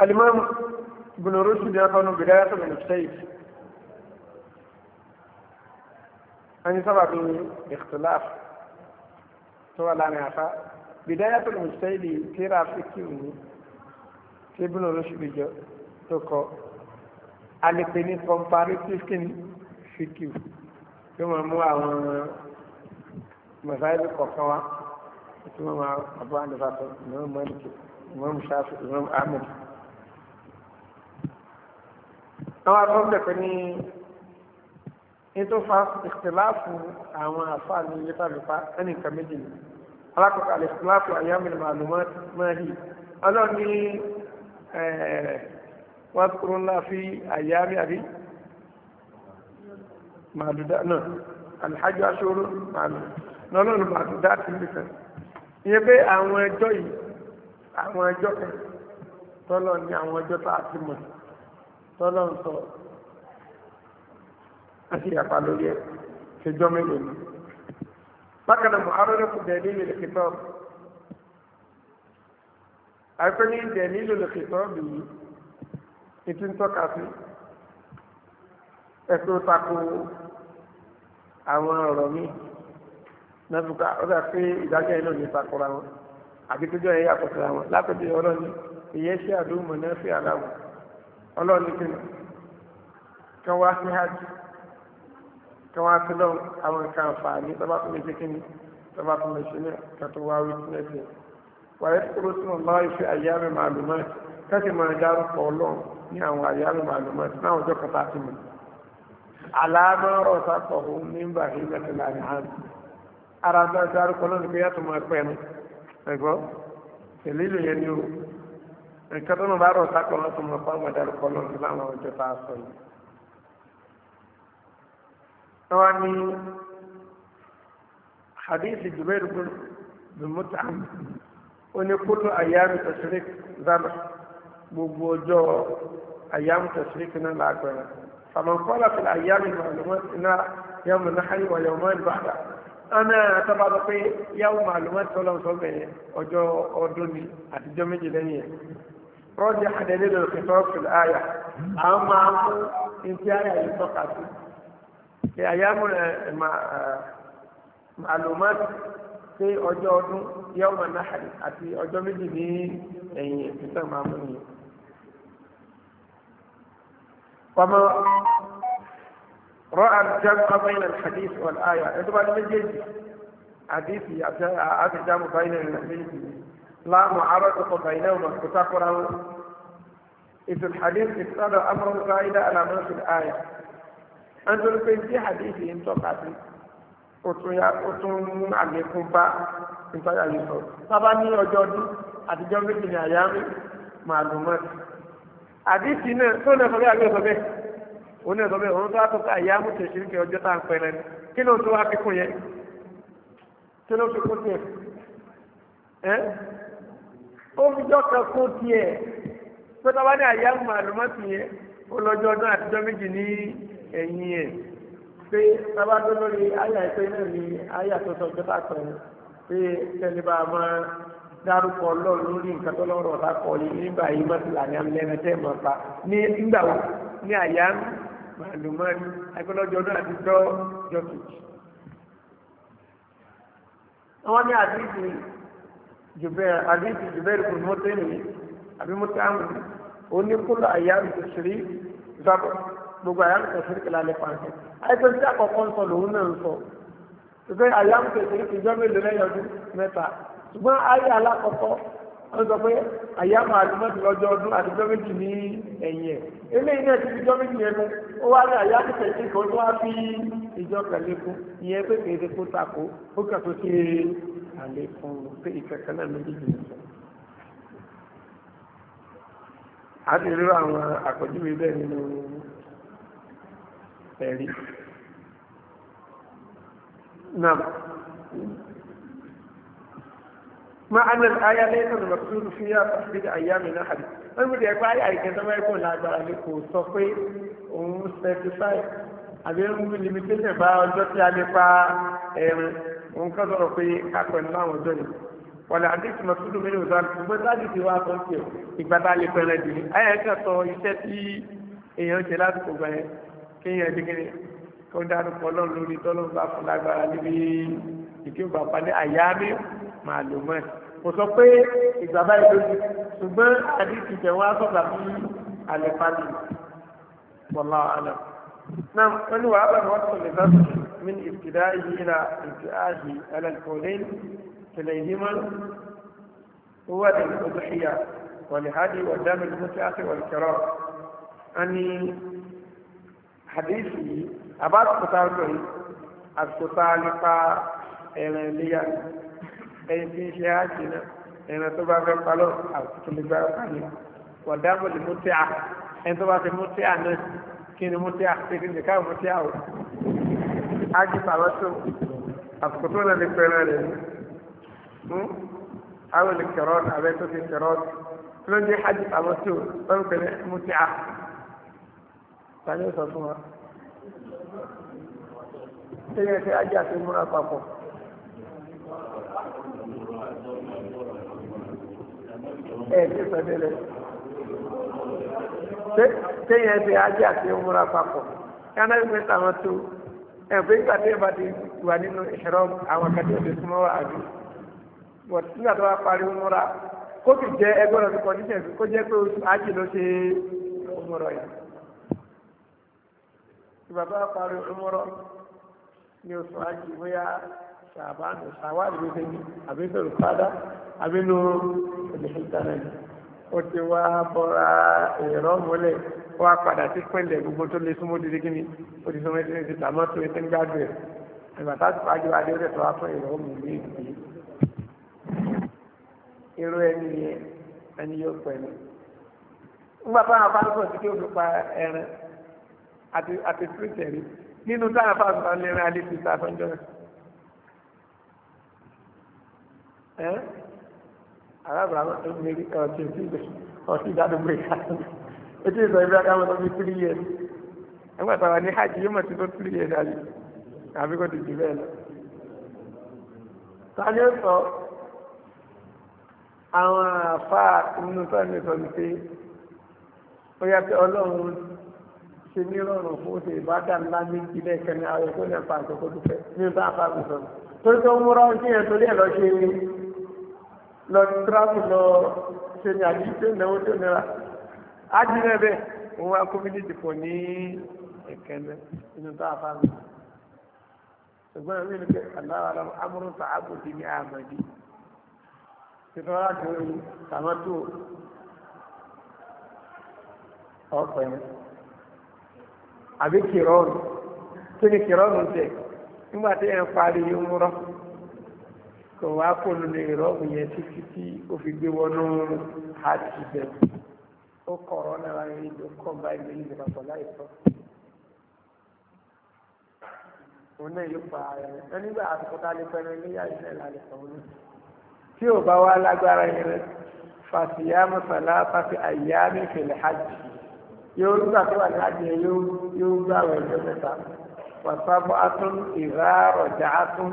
alimam ibn rushd ya kawo bidaya ta bin sayyid an yi sababin ikhtilaf to wala ne afa bidaya ta bin sayyid tira fikki ne ti ibn rushd jo to ko alipe ni comparative kin fikki yo ma mu àwọn masaili kọ̀ọ̀kan wa ito ma ma abu an da fata imam maliki imam shafi imam ahmed àwọn akọ́kẹ́ pé ní nítorí ìtìláàfù àwọn àfáàní létàlùpá ẹnì kan méjì ni alákọ̀ọ́kọ́ àlè ìtìláàfù àyàmìlì màlúmọ́ mẹ́rì ọlọ́run ní wọ́n kúrò ńlá fi àyàmì àbí màlúdá náà alhaji aṣọ́rọ̀ màlúdá náà lọ́nà màlúdá ti nìkan ìyẹn pé àwọn ẹjọ́ yìí mọ̀ tọ́lọ́ ń sọ àti ìyàpá lórí ẹ̀ ṣèjọ́ mélòó ni. bákan náà muhammed kò dẹ̀ nílò lè kìtọ́ àìpé ní dẹ̀ nílò lè kìtọ́ bì í ètí ń tọ́ka sí ẹ̀sùn tako àwọn ọ̀rọ̀ mi nàbùkà ọ̀dà pé ìdájọ́ yẹn ní takora wọn àbí tó jọ yẹn yàtọ̀ wọn lápẹ̀jọ́ ọlọ́ni ìyẹn àdúgbò náà fi àdáwọ̀ ọlọ́run ní kíni kan wá sí hajj kan wá sí lọ́wọ́ àwọn nǹkan àǹfààní tó bá tún lè ṣe kíni tó bá tún lè ṣe ní kan tó wá wí sílẹ̀ sí wàá yẹ kúrò sínú ọlọ́run ìfẹ́ àyà mi màlúmọ́ kẹ́sì máa dárúkọ ọlọ́run ní àwọn àyà mi màlúmọ́ sí náà ọjọ́ kan tá a ti mọ̀ àlàámọ́rọ̀ sákọ̀ọ́ nígbà ìgbẹ́tẹ̀lá ní hàn ara ń dárúkọ ọlọ́run pé yàtọ̀ máa pẹ́ ẹnu ẹ̀gbọ́n tẹ̀lé ìlú yẹn ni o nǹkan tó ń bá rọ̀ sákọ̀ lọ́kùn mọ̀ fún àwọn ẹ̀dárúkọ lọ́kùn láwọn ọjọ́ tá a sọ yìí. wọ́n ní hadith Jubair bin Mut'im ó ní kullu ayyam tashrik zama gbogbo ọjọ́ ayyam tashrik náà lágbára. فمن قال في الأيام المعلومات إن يوم النحر ويومان بعد أنا تبعت في يوم معلومات صلى الله عليه وسلم أجو أردني أتجمع جدني رجع دليل الخطاب في الآية أما انتهاء آية يتوقع في أيام معلومات في أجود يوم النحر في أجود جديد أي كتاب معمولي وما رأى الجمع بين الحديث والآية إذا ما حديثي أتى أتى الجمع بين الحديث láàmú arọ́tọ̀kọ̀ bàyìí náà kò takora wọn. ètò hadith ìtọ́dọ̀ amúrú káyidá alámọ́sí àyà. a ń tó pé tí hadith yìí ń tọ́ka sí ó tún mú àlékún bá ìtọ́jà yìí sọ. sábà ní ọjọ́ ọdún àtijọ́ méjì ní àyà ọjọ́ kan kó tí ẹ̀ pẹ́ta wá ní àyà màrùmátì yẹn ó lọ́jọ́ ọdún àtijọ́ méjì ní ẹ̀yìn ẹ̀ pé sábàdún lórí àyà ìpẹ́ náà ni àyà tó sọ pé pàtó pé tẹ́lẹ̀ bá a máa dárúkọ lọ́rùn lórí nǹkan tó lọ́rọ̀ ọ̀tá kọ yìí nígbà yìí má ti là ní amúlẹ́nu tẹ́ mọ̀ pa ní nígbà wo ní àyà màlùmọ́ni àgbẹ̀lọ́jọ́ ọdún àtijọ́ jọ́ kejì. àwọn ní àdúgbò jùbẹ́ àdìsí jùbẹ́ kùn mọ́tẹ́ nìyí àbí mọ́tẹ́ àmì oníkúlọ̀ àyàmì tòṣìrí zábọ̀ gbogbo àyàmì tòṣìrí kìlá lè pàṣẹ. àìsàn tí àkọ́kọ́ ń sọ lòun náà ń sọ jùbẹ́ àyàmì tòṣìrí kìjọ́ mélòó lẹ́yìn ọdún mẹ́ta ṣùgbọ́n ayé alákọ̀ọ́kọ́ wọ́n sọ pé àyàmọ̀ àdúmọ̀tì lọ́jọ́ ọdún àdújọ́ méjì ní ẹ̀yìn ẹ̀. E. eléyìí náà ti fi jọ́ méjì yẹn mú ó wá ní àyàmọ̀ tẹ̀sí kan tó wá fi ìjọ pẹ̀lú ikú ìyẹn pé kéde kó takò ó kà tó ṣe àlékún pé ìkẹ̀kẹ́ náà méjèèjì nìkan a ti rí àwọn àpèjúwe bẹ́ẹ̀ nínú ẹ̀rí náà ma ana aya lẹ́yìn tó lọ́pọ̀ tó fi yá pàṣípàdé àyà mi náà hàbí wọ́n mú ìdẹ̀kọ́ ayé àìkẹ́ tó máa kó lágbára ní kò sọ pé òun certify àbí ń mú limitation bá ọjọ́ tí a lè pa ẹ̀rùn nǹkan sọ̀rọ̀ pé kápẹ́ ní láwọn ọjọ́ yìí wọlé àdéhùn mọ̀túndù mi ní ọ̀sán gbogbo sáàdì ti wá sọ sí ọ ìgbà tá a lè pẹ́rẹ́ dì ní ayé kan sọ iṣẹ́ tí èèyàn ṣe lásìkò gbà yẹn kí èèyàn di kíni kó dárúkọ ọlọ́run lórí tọ́lọ́run bá fún lágbára níbi ìké bàbá ní àyà mi màá lò mọ́ ẹ̀ kò sọ pé ìgbà báyìí lójú ṣùgbọ́n àdéhùn ìjẹ̀wọ́ á sọ̀tà fún àlẹ́ pálí bọ́lá àná. náà wọ́n ní wàhálà ni wọ́n tún lè من ابتدائه إلى انتهائه على الكونين كليهما هو الأضحية ولهذه ودام المتعة والكرام أني حديثي أباد قطارتي القطارقة إيمانية أي في شهاتنا أنا تبع في القلوب أو تبع القلوب ودام المتعة أنت تبع في المتعة كين متعة تكين ذكاء متعة ájí pàmọ́tò àsìkò tó lọ lè pẹ̀rẹ̀ rẹ̀ ní hmm? àwọn lè kẹ̀rọ abẹ́ tó ti kẹ̀rọ tó ló ń jẹ́ ájí pàmọ́tò wọ́n pẹ̀lẹ́ mú ti à. Tani sọ fún wa. Ṣé yẹn ti àti múra papọ̀? ẹ̀ẹ́dì sọ́dẹ̀lẹ̀. Téèyàn ti ajé àti ìmúra papọ̀. Yánà ẹ̀fọ́ ìgbà tí ìbá ti wà nínú ìṣẹ̀rọ àwọn akadé òde súnmọ́ wa àbí wọ́n ti nígbà tó wá parí múra kó ti jẹ́ ẹgbẹ́ rẹ̀ kọ́ ní sẹ́yìn kó jẹ́ pé oṣù ájì ló ṣe ọmọrọ̀ yìí. ìgbà tó wá parí ọmọrọ̀ ní oṣù ájì bóyá ṣàbánu ṣàwárí ló ṣe àbí sọ̀rọ̀ padà àbínú ìdìbò ìtànà yìí ó ti wá bọ́ra ìrọ́múlẹ̀ ó wá padà sí pẹ́ńdẹ̀ gbogbo tó lé súnmọ́ dídí kíni ó ti súnmọ́ dídí ti tàmọ́ tó etí ń gbádùn ẹ̀ ìgbà tá a ti pàjọ́ adé rẹ̀ tó wá fún ìrọ̀ òmù ní ìdí. irú ẹni yẹn ẹni yóò pẹ̀lú. nígbà táwọn afárúkọ̀ sí kí o fi pa ẹran àti àti tìrìtẹ̀rì nínú táwọn afárúkọ̀ lẹ́rìn alẹ́ ti sá fún jọ́nà. ẹ́ arábìnrin àwọn tó ọ̀tún ìdádùn gbé kàtó ètò ìsọ̀ ibi akáwọn tó fi tírí yẹn nígbà táwa ní hajj yóò mọ̀ sí tó tírí yẹn dàbí àbí kò tètè bẹ́ẹ̀ lọ. ta ni ó sọ àwọn àfáà nínú sọ́ọ̀nù sọ ní pé ó yá pé ọlọ́run ṣe ní rọrùn fún oṣù ìbádàn ńlá méjì lẹ́ẹ̀kan ní àwọn ẹ̀kọ́ nípa àkókò dúpẹ́ ní bá a bá mi sọ̀rọ̀ torí tó ń múra ọdún yẹn torí ẹ̀ lọ ṣe lọ tíráàmù lọ ṣe ní àdíjọ́ ìnáwó tó nira ájínà bẹ́ẹ̀ òun wá kọ́mídìtì pọ̀ ní ẹ̀kẹ́lẹ́ inú tó àfa mi ṣùgbọ́n mi ní pé aláwa lọ́wọ́ amúrúta àbòdì ní àmàdí títí wọ́n láti rí tàmátò ọ̀pẹ̀ mi àbí kìrọ́ọ̀nù kí ni kìrọ́ọ̀nù nígbà tí ẹ̀ ń parí kò wá kó lulẹ̀ yẹn títí tí ó fi gbé ó kọ̀rọ̀ náà yìí ló kọ́ báyìí lórí ìjọba pọ̀ láìsọ. òun náà yóò pa ara rẹ̀ lẹ́nu nígbà àsìkò tá a lè pẹ́ẹ́rẹ́ níyà yìí náà lálẹ́ sọ òun. tí ò bá wá lágbára yẹn rẹ fàṣìyàmù sàlá fàṣì àyàmì fèlè hajj yóò nígbà tó wà ní hajj yẹn yóò gbà wẹ̀ ẹjọ́ mẹ́ta wàsábọ̀ atún ìrárọ̀ jà atún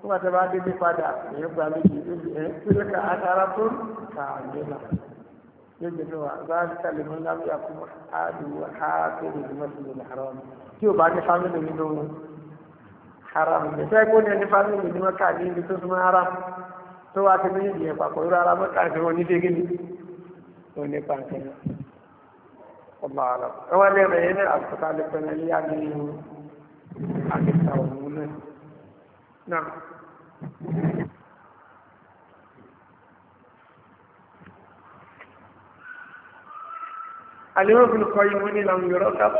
nígbà tó bá dé bí padà èèyàn gbà méjì lóbi ẹ̀ sílẹ̀ ká àtàrà tún kà á yé náà. يجنوا ذلك لمن لم يكن عادوا حافظ المسجد الحرام tí o bá ní fámìlì nínú haram ní fẹ́ kó ní ẹni fámìlì ní mọ́ká ní tó súnmọ́ haram tó wá ti ní ìyẹn papọ̀ irú ara mọ́ká ní wọn ní dégé ní wọn ní pàǹkì ní ọba ara ẹ wá lẹ́rọ yẹn ní àkókò alẹ́pẹ́ ní ilé àgbẹ̀ ní àkẹ́kọ̀ọ́ òun náà. الإمام ابن القيم لم يرتب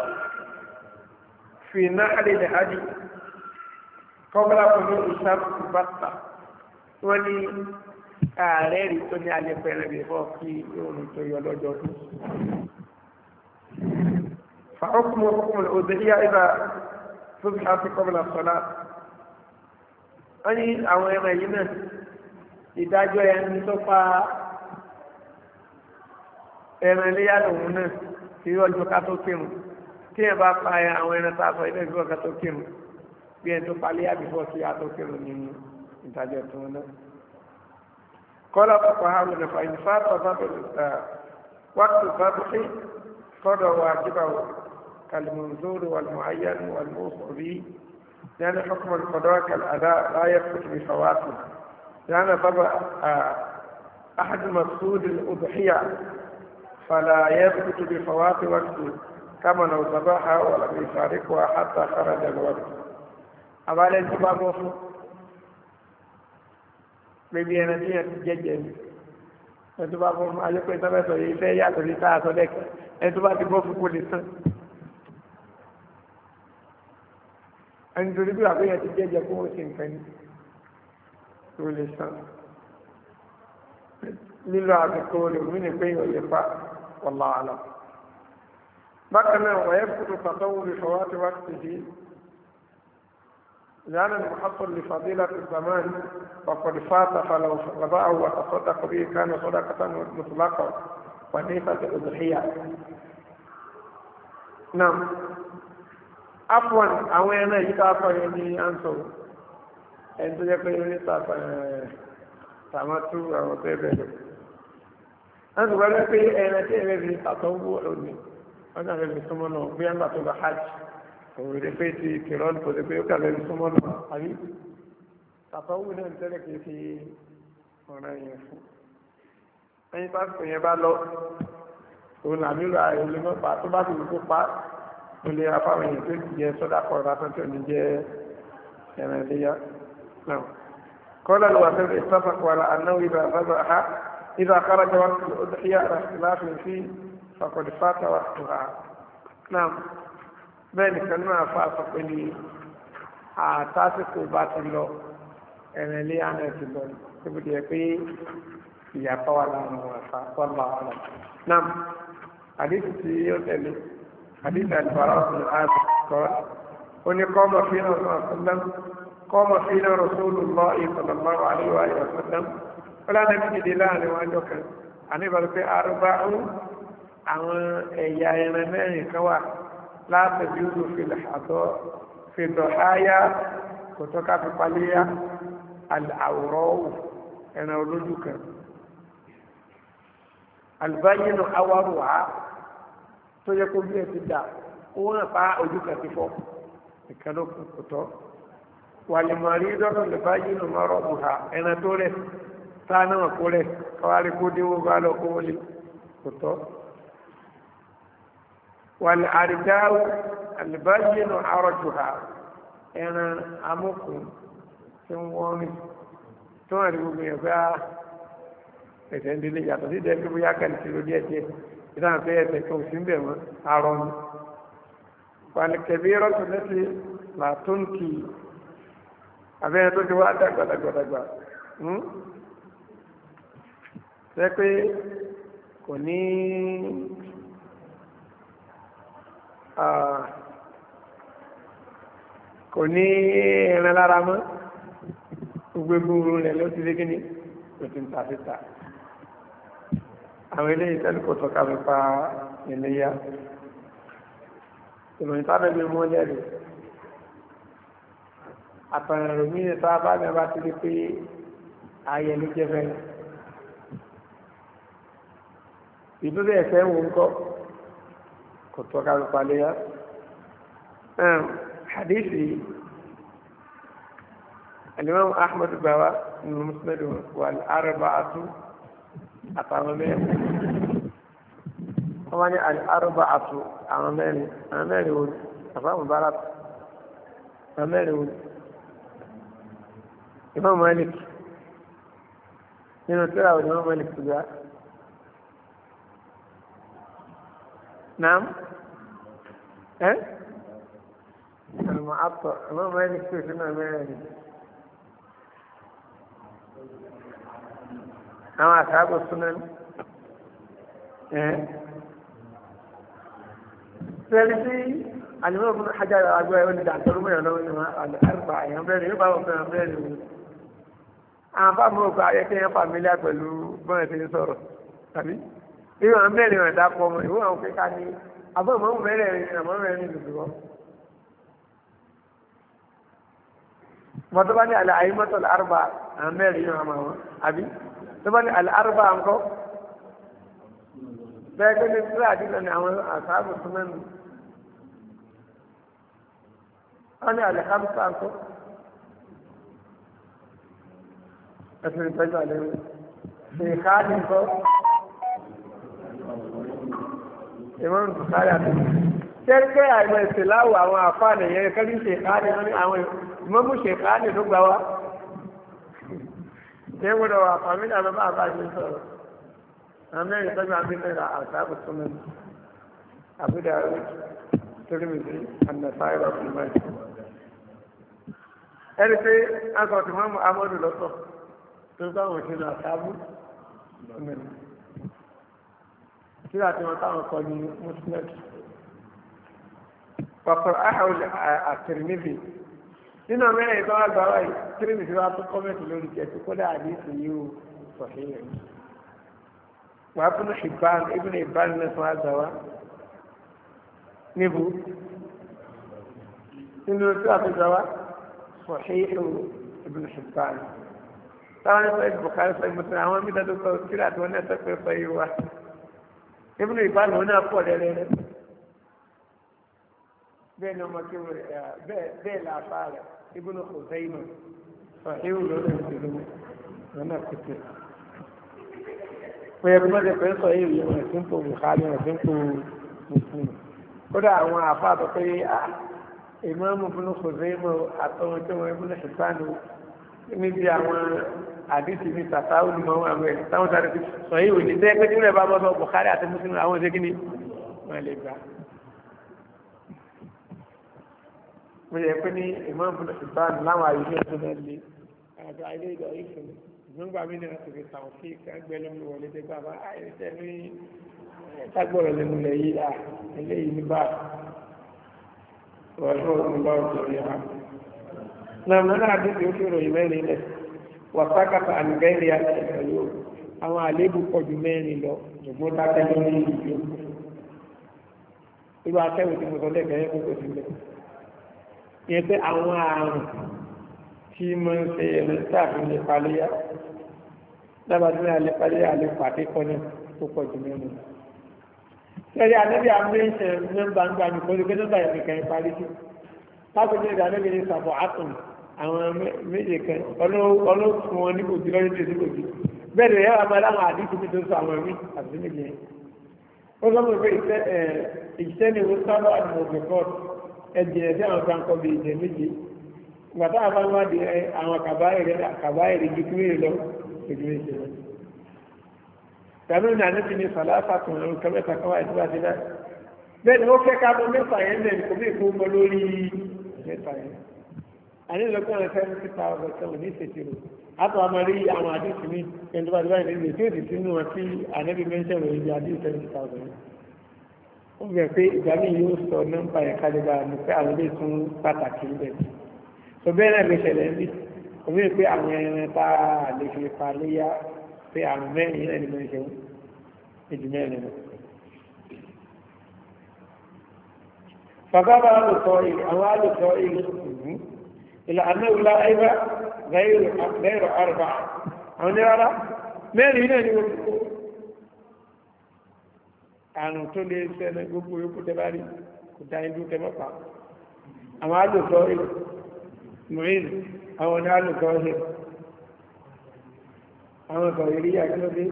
في نحل الهدي قبل طلوع الشمس بطة ولي ààrẹ rí tó ní alẹ́ pẹ̀lẹ́ rẹ̀ bọ́ kí oòrùn tó yọ lọ́jọ́dún. fàákùnmọ́ fọ́kùnmọ́ òdè yá ibà tó fi á fi kọ́mọ́lá sọ́lá. wọ́n ní àwọn ẹran yìí náà ìdájọ́ ẹni tó pa ẹran iléyà lòun náà tí yóò ju ká tó kírun tí yẹn bá pa àwọn ẹran tá a sọ ilé ìgbọ́ ká tó kírun bí ẹni tó palẹ́ yá bífọ́ sí yá tó kírun ní ìtajà tó ń náà. kọ́lá pàpà àrùn nàfà ìfà pàpàpà wákìtì pàpàpà kọ́dọ̀ wà jíbà كالمنظور والمعين والموصى به لأن يعني حكم القضاء كالأداء لا يثبت بفواته لأن يعني طبع أحد مقصود الأضحية فلا يسكت بفوات وقته كما لو صباحا ولم يفارقها حتى خرج الوقت أما لا يسبب وفو bíbí ẹran tí yẹn ti jẹjẹ ni ẹtú bá fọ fún ayọpẹ tó fẹsọ yìí fẹ yàtọ̀ ní sáà sọ lẹkẹ ẹtú bá ti bọ fún kò lè tán ẹni torí bí àpéyẹ ti jẹjẹ kó o ṣe nǹkan ni kò lè tán lílo àsìkò rẹ̀ mí ni pé yóò lè fa ọ̀la àlọ́. bákan náà wọ́n yẹ kó wúri fọwọ́ ti wá sí i لأن المحصل لفضيلة الزمان وقد فات فلو وضعه وتصدق به كان صدقة مطلقة وليست أضحية نعم afwan àwọn ẹran yìí ká fọ yẹn ní anso ẹni tó jẹ pé yẹn ní eh, tàmátú àwọn bẹ́ẹ̀ bẹ́ẹ̀ lọ wọ́n ti gbọ́dọ̀ pé ẹran tí ẹ̀rẹ́ fi pàtó wó òní wọ́n náà lẹ́bi súnmọ́ náà bí wọ́n bá tó bá hajj òun lè pé ti kìrọ́ọ̀nù kò lè pé ó kà lẹ́bi súnmọ́ náà àbí pàtó wó náà tẹ́lẹ̀ kì í fi ọ̀ràn yẹn fún. ẹyin pásítọ̀ yẹn bá lọ òun làmì lọ ààrẹ olè mọ́pa tó bá ti kó pa olè afáwọn èèyàn tó jẹ sọ́dà kọ̀ọ̀rọ̀ lásán tí ò jẹ ẹran iléyà إذا خرج وقت الأضحية على اختلاف فيه فقد فات وقتها نعم ذلك ما فات لي àtàsìkò bá ti lọ ẹ̀rìn ilé àná ti lọ níbi tí ẹ pé ìyàtọ̀ wà láàrin wọn àfa wọlá wàlá náà àdìsí tí ó tẹ̀lé àdìsí àdìbàrà ọ̀sùn àti kọ́ ó ní kọ́mọ fi hàn ọ̀sán lẹ́m kọ́mọ fi hàn rọ̀sọ́lù lọ ìsọ̀lọ̀ mọ́rọ̀ àríwá ìwọ̀sán lẹ́m ọlọ́dẹ́bí dìde láàrin wọn jọ kan àníbàlù pé arúgbá ń àwọn ẹ̀yà ẹran mẹ́rin kan wà látọ̀bí ojú fìlà àtọ́ fìdọ̀ áyá kò tọ́ka fi paléyà àwòrán òwò ẹran olójú kan àlùbáyínú awárùwá tó yẹ kó bí ẹ ti dà ó hàn pa ojú kan ti fọ́ ìkànnì kò tọ́ wàlìmọ̀rí dọ́dọ̀ lè mọ́rọ̀ bùhà ẹran tó rẹ̀ tá a náà kó rẹ̀ káwárí kó déwó bá lọ kó wọlé kò tọ́. wàlẹ̀ àrídáwò àlùbáyénu àrọ̀jùhà ẹran amókùn tí wọ́n rìn tí wọ́n rí gbogbo yẹn bá ah, ẹ̀sẹ̀ ń délé yàtọ̀ sí ìdẹ́gbẹ́ bóyá kàlí ti lórí ẹ̀jẹ̀ ìdáhùn pé ẹ̀sẹ̀ kan ò sí ń bẹ̀ wọ́n arọ́ ni. wàlẹ̀ kẹ̀bí rọ́tù lẹ́sí làtúntì abẹ́rẹ́ tó ti wá dàgbàdàgbàdàgbà. Hmm? sẹ́ pé kò ní kò ní ẹran lára mọ́ gbogbo egungun rẹ̀ ló ti lé kíni kò ti ń ta síta àwọn eléyìí tẹ́lẹ̀ kò tọ́ka mi pa ìléyà ìròyìn tá a bẹ̀rẹ̀ mọ́ lẹ́rù àtọ̀rọ̀ mi ní bá mi bá ti di pé ayẹyẹ ló jẹ́ fẹ́ràn. ìbíbẹ̀ ẹ̀fẹ́ wò ń kọ́ kò tọ́ ká ló palẹ̀ yá. hadithi alimam ahmed gbawa nínú musnadu wà ní arba'atu àtàwọn mẹ́rin wọ́n ní arba'atu àwọn mẹ́rin àwọn mẹ́rin wò ní bára àwọn mẹ́rin wò imam malik nínú tíra wò imam malik gbawa. نعم ها المعطر ما مالك في ما مالك أما أصحاب السنن إيه ثالثي الإمام ابن حجر أقوى يقول لك عن ترمي أنا الأربعة يوم بين يوم أو بين بين àwọn fáwọn ọkọ ayẹkẹ yẹn fàmílíà pẹ̀lú bọ́n ẹ̀ ti ń sọ̀rọ̀ tàbí irú àwọn mẹ́rin wọn dá pọ̀ mọ́ ìwé àwọn kíkà ní àbọ̀ ìmọ̀ mẹ́rin rìn àmọ́ mẹ́rin dùdú wọn. mọ́tò bá ní àlẹ́ àyè mọ́tò àrùbá àwọn mẹ́rin yóò hàmà wọn àbí tó bá ní àlẹ́ àrùbá ńkọ́ bẹ́ẹ̀ tó ní sílẹ̀ àdínà ní àwọn àṣàbò tó mẹ́nu. wọ́n ní àlẹ́ kámsá ńkọ́ ẹ̀sìn ìtọ́jú àlẹ́ rẹ̀ ṣèkáàdì ńkọ́ ìmọ̀n bùkárí àti tẹ́lifẹ́ àìmọ̀ ìsìláwò àwọn àfáàní yẹn kẹ́lí ṣèkáàní wọn ni àwọn ìmọ̀mú ṣèkáàní tó gbà wá ṣé gbọ́dọ̀ wà fàmílì àbẹ́ bá bá ṣe sọ̀rọ̀ àmì ìtọ́jú àbí mẹ́ra àtàkù tó mẹ́rin àbúdà tórímìtì ànàfáì rọ̀bì mẹ́rin ẹni pé akọ̀tùmọ́mù amọ́dù lọ́tọ̀ tó bá wọn ṣe lọ àtàkù tó mẹ́rin tíra tí wọ́n táwọn kọ ní musnad pàpàrọ̀ ahàwùl àtìrìmìbì nínú mẹ́rin ìtọ́ àgbàrá yìí tìrìmìbì wa tó kọ́mẹ̀tì lórí jẹ́sí kódà àdéhùn yìí ó sọ̀hìn yẹn wàá fún ìbán ibùdó ìbán náà fún àgbàrá níbo nínú tíra tó gbà wá sọ̀hìn ibùdó ìbán táwọn ẹ̀fọ́ ìbùkárẹ́ sọ ìbùsùn àwọn mídàdókọ̀ tíra tó wọn náà sọ pé yìí wá ibùdó ìbánu náà pọ̀ lẹ́rẹ́rẹ́ bẹ́ẹ̀ ni ọmọ kí wọ́n bẹ́ẹ̀ làáfà rẹ̀ ibùdó kò sẹ́yìn mọ́ fàáhíwù lọ́dọ̀ ìṣèlú lọ́nà kùtù. pé ẹgbẹ́ mọ́tẹ́ pé ń sọ èyí ìwé rẹ̀ tí ń po Bukhari rẹ̀ tí ń po Muslim. kódà àwọn àfa àtọ́ pé ìmọ̀ ọmọ ibùdó kò sẹ́yìn mọ́ àtọ́wọ́n tí wọ́n ibùdó àdìsí mi tàtàwù ni mo máa wẹ̀ táwọn sáré fi sọ yìí òní tẹ́ pé nílẹ̀ bá bọ́sọ̀ Bukhari àti Muslim àwọn ṣe kíni wọ́n lè gbà. mo yẹ pé ní ìmọ̀ ìbánu láwọn àyè ní ọdún náà lé àgbà ilé ìdọ̀ ìfẹ́ nígbà mí náà tòkè tàwọn fi gbẹ lómi wọlé dé bàbá àyè tẹ ní tágbọ̀rọ̀ lẹ́nu lẹ̀ yìí à ní báà wàsákàtà àlùbẹ́ẹ̀rì àtẹ̀lẹ́yò àwọn àléébù pọ̀jù mẹ́rin lọ ṣùgbọ́n dákẹ́ lórí ìlú irú atẹ́wò tí mo sọ lẹ́gbẹ̀ẹ́ yẹn kókò sílẹ̀ yẹn pé àwọn àrùn tí mo ń ṣe ẹ̀rọ tàbí lè paléyà dábàá tí wọ́n lè paléyà lè pàdé kọ́ náà tó pọ̀jù mẹ́rin lọ. Ṣẹ́rí ànábì àmúlẹ́sẹ̀ nọ́mbà ń gbà mí kọ́lé pé nọ́mbà yẹn kẹ́kẹ́ parí sí. Táàbù ní ìdánilẹ́gbẹ̀ẹ́ sàbọ̀ àtùnú àwọn méje kan ọlọ́fún wọn ní kòjú lọ́jọ́ tó ní kòjú bẹ́ẹ̀ lè yára máa láwọn àdínkù tó sọ àwọn ẹ̀mí àti méje yẹn ó sọ pé ìṣẹ́ ni ó sábà ní ọ̀gbẹ̀ court ẹ̀jẹ̀ sí àwọn kan kọ́ bí ìjẹ méje ìgbà táwọn bá wá di àwọn kàbáyèrè ju kí lè lọ kòjú méje lọ tàbí ní àníbi ni sàlásà kan ló kẹ́mẹ́ta kọ́wá ìtura ti dá bẹ́ẹ̀ ni ó fẹ́ ká bọ́ mẹ́fà yẹn lẹ́nu kò bí ìkó mọ́ lórí mẹ́fà yẹn ànílọ́gbọ̀n seventy thousand kan ní ìṣèṣirò àtọ́ a máa rí àwọn àdìsí mi ẹni tó bá dúbà ìdíje tí ó sì sínú wọn tí ànábì mẹ́ńṣẹ̀rọ̀ ibi àdìsí seventy thousand ó bẹ̀rẹ̀ pé ìgbà mi yóò sọ nọ́mbà yẹn kálíbà mi pé àwọn ilé tún pàtàkì ń bẹ̀ tó bẹ́ẹ̀ ni mo ń ṣe wọn èdè mẹ́rin náà. bàbá ìlà anáwòlá ẹgbẹ́ bẹ́ẹ̀rọ àrùbá àwọn onírárá mẹ́rin náà ni gbogbo àrùn tó lè ṣẹlẹ̀ gbogbo yókù tẹ́bá rí kò dá ìlú tẹ́mọ́pá àwọn alùpọ̀ ìlú mùírì àwọn ní alùpọ̀ ìlú àwọn ọ̀pọ̀ ìrí àkílódé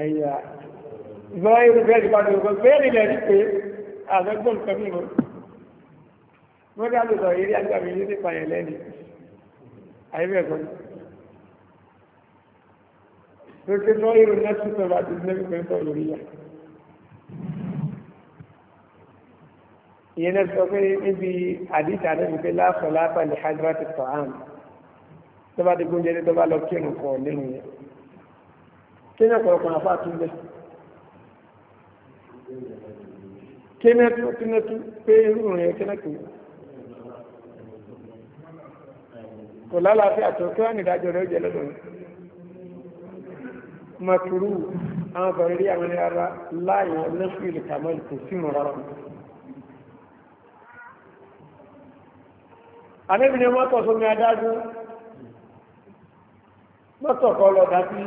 àyà lọ irú bẹ́ẹ̀ nípa ní ọgbọ́n bẹ́ẹ̀ nílẹ̀ ní pé àgbẹ̀gbọ́n nǹkan mi mọ́ wọ́n dá lè lọ eré àgbà mi ní nípa yẹn lẹ́nu àyẹ̀bẹ̀kọ́ pé lọ irú náà tún sọ̀rọ̀ àti ìdílé pẹ̀lú sọ̀rọ̀ lórí yà ìyẹn náà sọ pé níbi àdìsá náà wípé láàfọ̀ láàfà lè hajjá ti sọ̀ àmì tó bá dé gbóúnjẹ ní tó bá lọ kírun kọ̀ nínú yẹn kí ni ọ̀pọ̀lọpọ̀ àfáà tún bẹ́ẹ̀ kénẹ́tú kénẹ́tú pé irú rẹ̀ kénẹ́tú kò lálàáfíà tó kí wọ́n ní ìdájọ́ rẹ̀ ó jẹ́ lọ́dọ̀ makuru àwọn bọ̀rẹ̀ rí àwọn ará láàyàn lẹ́fù ilẹ̀ kàmọ́ ìkò sínú rárá anẹ́bìnrin mọ́tọ̀ sómi adágún mọ́tọ̀ kọ́ lọ dábí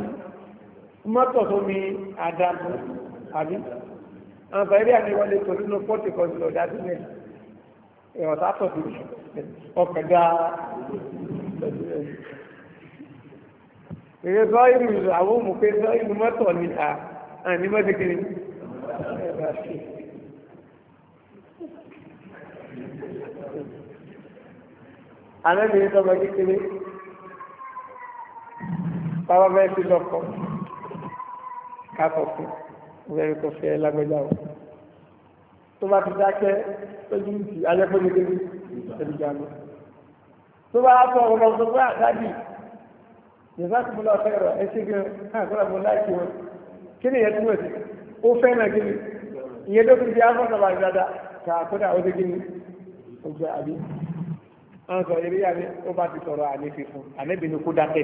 mọ́tọ̀ sómi adágún àbí àwọn bàbá ìrìn àmì wọlé torí ní pọ́ọ̀tì kan lọ dájú ní ìwọ̀n tá a tọ̀ sí ọkàn dá ìwé sọ ìlú àwọn òmùpé sọ ìlú mọ́tò ní à àní mọ́tò kiri àná mi sọ ma kékeré bàbá bẹ́ẹ̀ ti lọ́kọ̀ ká bẹ̀rẹ̀ kò fẹ́ lágbẹ́já o tó bá ti dákẹ́ lójú ti ayẹ́pẹ́ ní kékeré ẹ̀dí jáde tó bá tọ́ ọ̀rọ̀ tó bá dábì yẹ̀sán kò múlá ọ̀fẹ́ rẹ̀ ẹ̀ ṣégi náà kó làbọ̀ láìkí wọn kí ni ìyẹn túmọ̀ sí ó fẹ́ náà kí ni ìyẹn tó fi di afọ́ sọ̀rọ̀ àgbàdà kà kódà ó ṣégi ni ó gbé àbí wọn sọ eré yàrá ó bá ti sọ̀rọ̀ àlè fífún àlè bìnú kó dákẹ́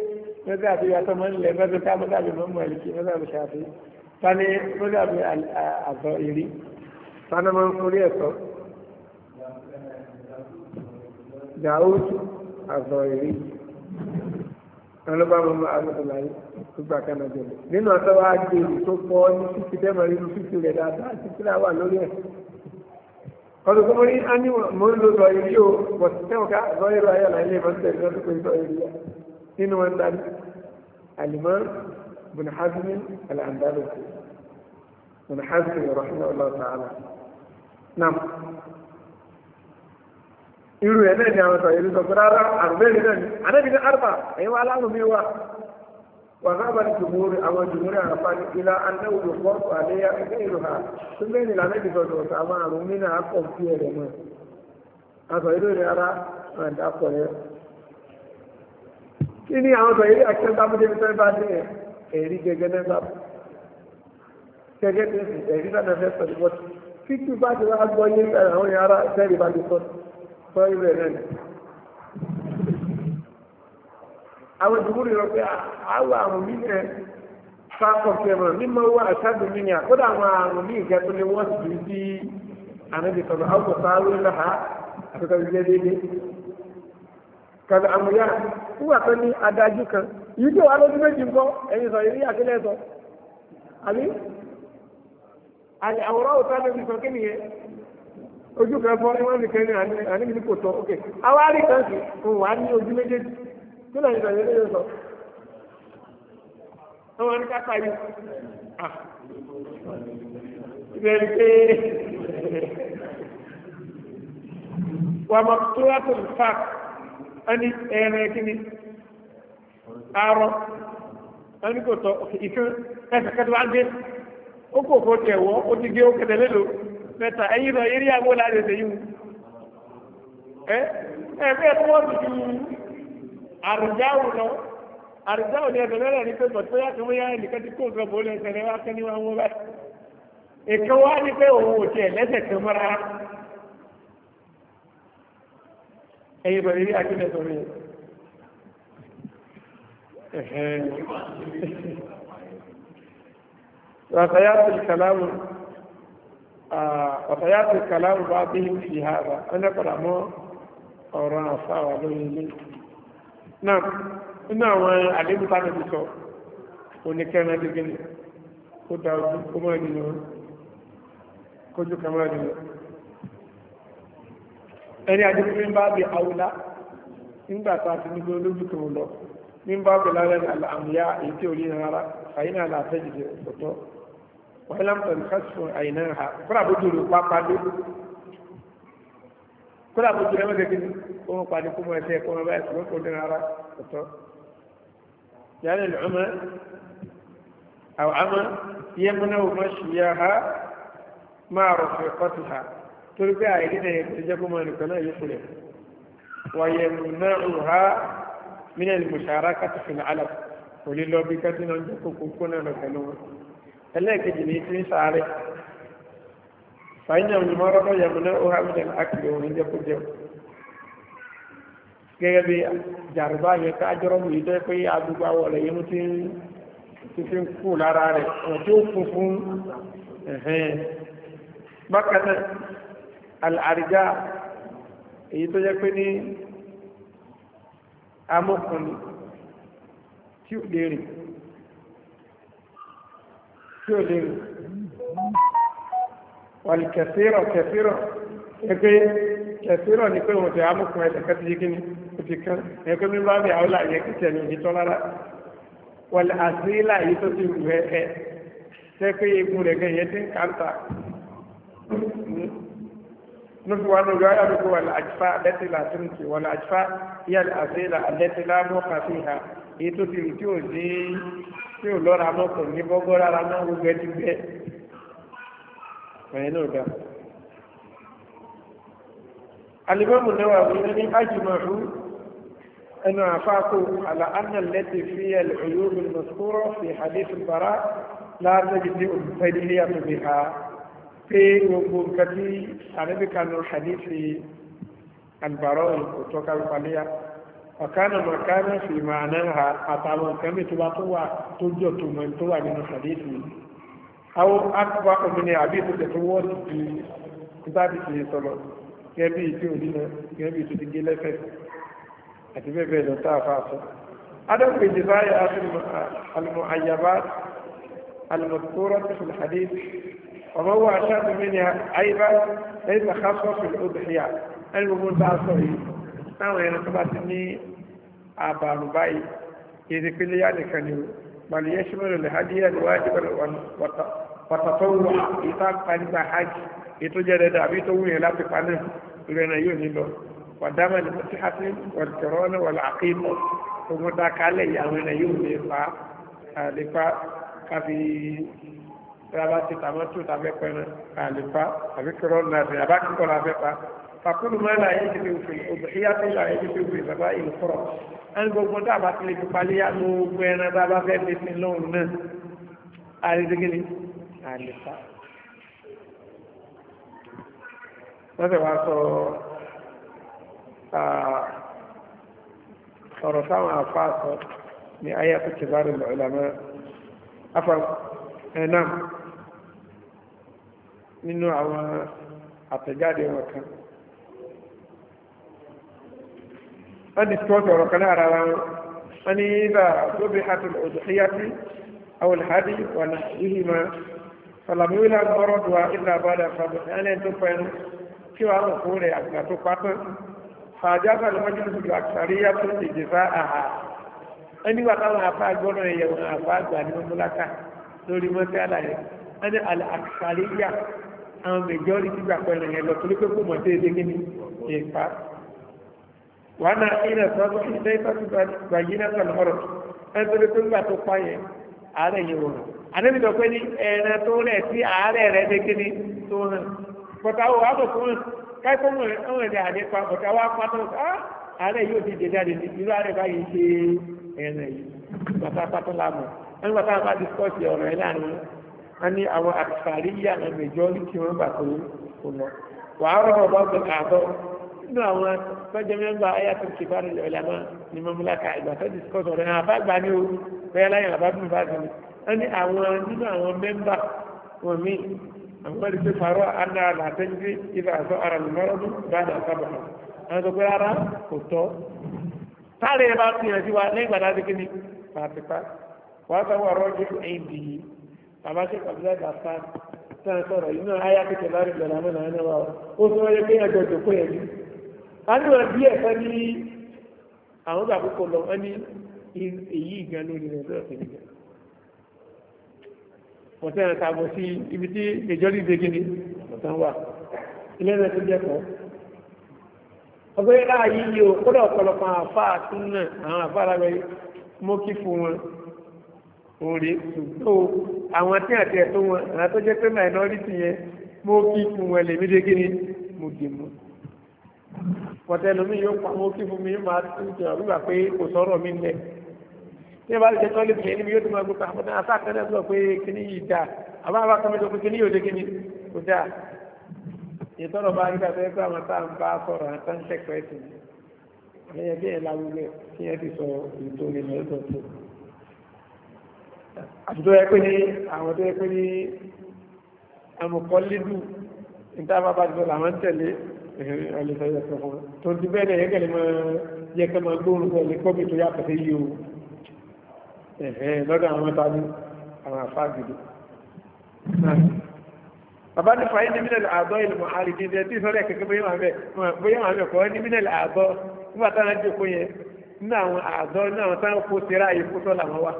mẹ́ta àti yàtọ̀ mọ́ nílẹ̀ mẹ́ta ká mọ́ta àbí mọ́ mọ́ ẹ̀lìkì mẹ́ta àbí ṣàfi tani mọ́ta àbí àzọ ìrí tani mọ́ orí ẹ̀tọ́ Daoud àzọ ìrí ọlọ́ba mọ́ àbúkọ̀lá gbogbo àkànnà jẹ̀lẹ̀ nínú ọ̀sẹ̀ wa gbé ìlú tó pọ̀ ní fífi tẹ́mọ̀ nínú fífi rẹ̀ dáadáa títí láwà lórí ẹ̀ ọdún tó mọ́rí á ní mọ́ ń lo lọ ìrí o bọ̀ tẹ́wọ̀ká lọ́yẹ̀rọ ayọ̀lá ilé ìmọ̀ nínú wọn darí alimam bin hazmi al-andalusi bin hazmi rahimahullah ta'ala nam irú ẹ̀ náà ni àwọn sọ̀rọ̀ ìlú sọ̀rọ̀ rárá àrùbẹ́rẹ̀ náà ni anábì ní arba ẹ̀yin wa aláàrùn mi wà wà ní jùmúrì àwọn jùmúrì àràfà ní ilá anáwó ló fọ́ àléyà ẹgbẹ́ ìlú ha tó bẹ́ẹ̀ ni lànà sọ̀rọ̀ sọ̀rọ̀ àwọn àrùn mi náà kọ̀ ẹ̀rẹ̀ náà àtọ̀ ìlú rẹ̀ rárá àdàpọ̀ yẹn kí ni àwọn sọ eré àkẹ́ńtàbọ̀dé mi sọ́yìn bá dé ẹ̀ ẹ̀rí gẹ́gẹ́ náà bá bọ̀ gẹ́gẹ́ tó sì ẹ̀rí náà fẹ́ sọ ní wọ́n tí tí bá ti wá gbọ́ yé àwọn èèyàn ara sẹ́ẹ̀rì bá ti sọ sọ irú ẹ̀ náà àwọn ìdúgbò rẹ̀ pé àwọn àrùn mi nẹ̀ fákọ̀ fẹ́mọ̀ mímọ́ wà sáàdù mi ni àkọ́dà àwọn àrùn mi ìjẹ́ tó lé wọ́n sì ti di ànábì sọ̀rọ̀ àwọn nígbà tó ní adájú kan yìí tó wà lójú méjì ńkọ́ ẹ̀yin sọ ìrí àkílẹ̀ sọ àbí àwòrán òtá ló fi sọ kí nìyẹn ojú kan fọ ẹwọn nìkan ní àníbi ní kò tọ ok awárí kan sì ń wà ní ojú méjèèjì kí lóò ní sọ ìrí àkílẹ̀ sọ àwọn ní kápá yìí ìbẹ̀rù pé wàmọ̀ tó wà tó fà ẹni ẹ̀rẹ̀ kíni àárọ̀ ẹni kò tọ́ ìkan ẹ̀sẹ̀kẹ́tọ́ wá gbé ó kò kó tẹ̀wọ́ ó ti gé ó kẹtẹ lélo mẹ́ta ẹ̀yìn lọ eré àgbó láti ṣe yìí ẹ ẹgbẹ́ ẹ̀ tó wọ́n ti ju àrùjáwò lọ àrùjáwò ni ẹ̀sẹ̀ lẹ́rẹ̀ ní pé bọ̀tí bóyá kan bóyá ẹnìkan ti kó nǹkan bò ó lẹ́sẹ̀ rẹ̀ wá kẹ́ ní wọn wọ́n báyìí èkó wá ní pé òun ò tiẹ̀ lẹ́sẹ̀ kan mọ́ra ẹ̀yìn bẹ̀rẹ̀ rí àkílẹ̀ sọ̀rọ̀ yẹn ọ̀tàyàtì kàlámù bá bí i fi ha bá ẹnẹ́ padà mọ́ ọ̀rọ̀ àfáwà lórí ilé náà nínú àwọn àdébùtà náà ti sọ oníkẹ́rin adégẹ́lẹ̀ ó dá ojú kó mọ́ ẹni kójú kàmọ́ ẹni ẹni àdúgbò ń bá àwùlá nígbà tá a nígbà olójú lọ ní bá bẹ èyí na rárá àyínà àlàáfẹ́jì ọ̀tọ̀ wọ́n lámpẹ̀ kásùn àyínà ha kúrà bójú rẹ̀ pápá dé kúrà bójú rẹ̀ mẹ́tẹ̀ẹ́kì ni ó ń padì kó mọ ẹsẹ̀ kó mọ rárá ọ̀tọ̀ yàrá ìlú ọmọ àwọn àmọ́ mọ́ ha máa rọ̀ fẹ́ kọ́tù ha torí pé àìrí náà yẹ kó jẹ́ kó máa nìkan náà yókù rẹ̀ wàyẹ̀ náà ń ha mílẹ̀ ní mùsàárà kàtó fi ní àlà kò lè lọ bí kátó náà ń jẹ́ kókó kó náà lọ pẹ̀lú wọn. ẹlẹ́ẹ̀kejì ní ti ń sáré fàyínà òyìnbó rọ́bọ̀ yẹ̀mú náà ó ha mílẹ̀ ní àkìlẹ̀ òun jẹ́ kó jẹun. gẹ́gẹ́ bí jàrúbá yẹ ká jọrọ mú yìí tó yẹ pé àdúgbò àwọ̀ rẹ̀ yẹn ti fi ń kú lára rẹ̀ ọ̀ tí ó funfun bákan náà àríjá èyí tó jẹ́ pé ní amókùnrin tí ò lè rìn tí ò lè rìn wàlì kẹfìrọ̀ kẹfìrọ̀ ẹgbẹ́ kẹfìrọ̀ ní pé wọ́n ti amókùnrin ẹ̀sẹ̀ kẹtì yìí kíní kò ti kán ẹgbẹ́ mi bá bí àwọn àyè kìtẹ̀ ní òjì tọ́ rárá wàlì àsílà yìí tó ti wù ẹ ẹ tẹ́ pé rẹ̀ gẹ̀ yẹn ń kàńtà nufi wani gaya da kuwa al'ajfa alati la tunki wal ajfa iya al'azela alati la mọ́ka fi ha èyí tó ti rí tí ò ní tí ò lọ́ra mọ́ kò ní bọ́gọ́ rárá mọ́ gbogbo ẹ ti gbẹ ẹ̀yìn náà dá. alimami náà wà wọ́n ní ajimahu ẹnu àfáàkó àlà anna lẹ́tì fi ẹ̀lẹ́yọ́ mi nà sọ́rọ̀ fi hadith bara láàrin pé gbogbo nǹkan tí àrẹ́bíkanu hadithi albaro kò tọ́ka ìpàlẹ́yà ọ̀kánà mọ̀kánà fi máa náà ha àtàwọn nǹkan mi tó bá tó wà tó jọ tó mọ̀ tó wà nínú hadithi àwọn akọ̀bá òmìnira àbí ìtòkè tó wọ́ sí nígbà tí kìí sọ̀rọ̀ gẹ́gẹ́ bí ìtì òdìnà gẹ́gẹ́ bí ti gé lẹ́fẹ̀ẹ́ àti bẹ́ẹ̀ bẹ́ẹ̀ lọ tá a fa àfọ́. adam kejì báyìí alùmọ̀ àyàbá alùmọ̀ tó rọ́ ọmọ wọ aṣáájú mi ni àyíká ẹ̀yìn àkásọ́ọ̀fù òdìyà ẹni gbogbo ń bá a sọ yìí táwọn ẹran tó bá ti ní àbàrùn báyìí èdè pélé yá nìkan ni o pàlẹ́ yẹn ṣẹ́mi lọ́lẹ̀ hajj yẹn ni wàá jẹ́ pẹ̀lú pàtàkó wà ìta pàdígbà hajj ètò jẹ́ dẹ́dẹ́ àbí tó wúyẹn láti pa náà ìrẹ́nà yóò ní lọ wàdámà ní mọ́tíhàtì wàlùkọ̀rọ̀ ní wàlùkọ̀ ogun dákálẹ̀ ìyàwó ẹ̀yìn yóò lè fa àlefa káfíì yàrá ti tàmọ́tò tàbẹ́pẹ́ náà àlèpá àbí kúrọ́ nàdì àbá kíkọ́ làbẹ́pá fàkúrú máa là yẹ kébé òfin òbíyá tó là yẹ kébé òfin bàbá ìlú kúrọ̀ ẹni gbogbo tá a bá tilẹ̀ fi palẹ́ yá ló gbé ẹran bá a bá fẹ́ fi sin lóhùn náà àrídégélé àlèpá. wọ́n sì wá sọ ọ̀rọ̀ táwọn àfa sọ ní ayé àti kìbárì lọ́ọ̀lá náà. عفوا نعم nínú àwọn àtẹ̀jáde wọn kan wọ́n ti sọ ọ̀rọ̀ kan lára wọn wọ́n ní bá tóbi àtúntò òdòdóyàtì àwọn ìhádìí wọn yìí máa fàlàmì wílà gbọ́rọ̀ dùn wá ìlà àbádà fàbí ẹni tó pẹ́ẹ́nu kí wàá mọ̀ fún rẹ̀ àgbà tó pátán fàájáfà ló mọ́jú lóṣù tó àkàríyá tó lè jẹ́ àhà ẹni wà táwọn afá gbọ́dọ̀ yẹ wọn àgbà ní mọ́múláka lórí mọ́tí àlàyé ẹni àkàríyá àwọn mẹjọ́rí ti gbà pẹ̀lú yẹn lọ torí pé kò mọ̀ déédé gíní ìpa wà náà ìrìn àtọ́jọ́ ìṣẹ́ ìtọ́jú gbàyí náà sọ̀rọ̀ ọ̀rọ̀ ẹni torí pé nígbà tó pa yẹn ààrẹ yẹn wò rọ̀ àníbi tó pé ní ẹran tó rẹ̀ sí ààrẹ rẹ̀ dé gíní tó hàn bọ̀tà wò wàá bọ̀ fún un káìpọ̀ mọ̀ ọ̀rẹ́ rẹ̀ àdé pa bọ̀tà wà pa tó ààrẹ yóò di dèjà dèjì irú ààrẹ báyìí ṣe ẹran yìí bàtà pátó láàmú ẹni bàtà bá discuss ọ̀rọ̀ wọ́n ní àwọn àfàríyà àwọn majority wọ́n bà tó kùnà wàá rọrọ̀ bá bẹ̀rẹ̀ àbọ̀ nínú àwọn tọ́jọ́ mẹ́mbà ayàtọ̀ kìbárì lọ́lẹ́mọ́ ní mọ́múláka ìgbà tó discuss ọ̀rẹ́ náà àbágbà ní ooru bẹ́ẹ̀ láyìn àbábùn bá dùn wọ́n ní àwọn nínú àwọn mẹ́mbà wọn mí àwọn ẹni tó farọ́ aná làtẹ́jú ibà àzọ ara lùmọ́rọ́dù bá dà sábà àwọn tó pé rárá kò tọ́ táàrí ẹ bá fi sí wa lẹ́yìn gbàdá bàbá ṣe kàbílẹ̀ gàfà tán sọ̀rọ̀ inú ayá kìtẹ̀ bá rí bẹ̀rẹ̀ àmọ́nà ẹni wa ó sọ wáyé pé ẹjọ́ ìjòkó yẹn ni a ní wọn bí ẹ̀fẹ́ ní àwọn gbà púpọ̀ lọ wọn ní èyí ìgbà lórí rẹ̀ lọ́rọ̀ sí nìkan wọ́n tẹ́rẹ̀ tààbọ̀ sí ibi tí ìjọ́rí ìdégé ni ọ̀tán wà ilé ẹ̀rẹ́ tó jẹ́kọ̀ọ́ ọgbẹ́ láàyè yìí ó kọ́dọ̀ ọ̀pọ̀lọpọ̀ àfáà orí tó àwọn tí àti ẹ̀ tó wọn àwọn tó jẹ́ pé minority yẹn mo kí fún wọn lèmi dé kí ni mo dì mú yóò pa mo kí fún mi máa tún jẹ́ pé kò sọ̀rọ̀ mi lẹ̀ tí ìbá jẹ àti tó yẹ pé ní àwọn tó yẹ pé ní ẹmùkọ́ lídù ìtàbà bá jùlọ àwọn tẹ̀lé ọlẹ́sọ̀rọ̀ fún wọn tó ti bẹ́ẹ̀ náà yẹ́kẹ̀lẹ́ máa yẹ kẹ́ máa gbóhùn pẹ̀lú ẹ̀lẹ́kọ́ mi tó yàtọ̀ sí yìí o ẹ̀hẹ́ lọ́dọ̀ àwọn tàbí àwọn àfáà gidi bàbá ní fàáyé ní mínẹ̀lì àbọ̀ ìlùmọ̀ àrìdí ẹ̀ tí sọ́rọ̀ ẹ̀kẹ́kẹ́ bóyá wà bẹ́ẹ̀ bóyá wà bẹ́ẹ̀ kọ́ ní mínẹ̀lì àbọ̀ nígbà táwọn jókòó yẹn nínú àwọn àbọ̀ nínú àwọn táwọn kó tẹ́ra yìí kó tọ́ làwọn wà.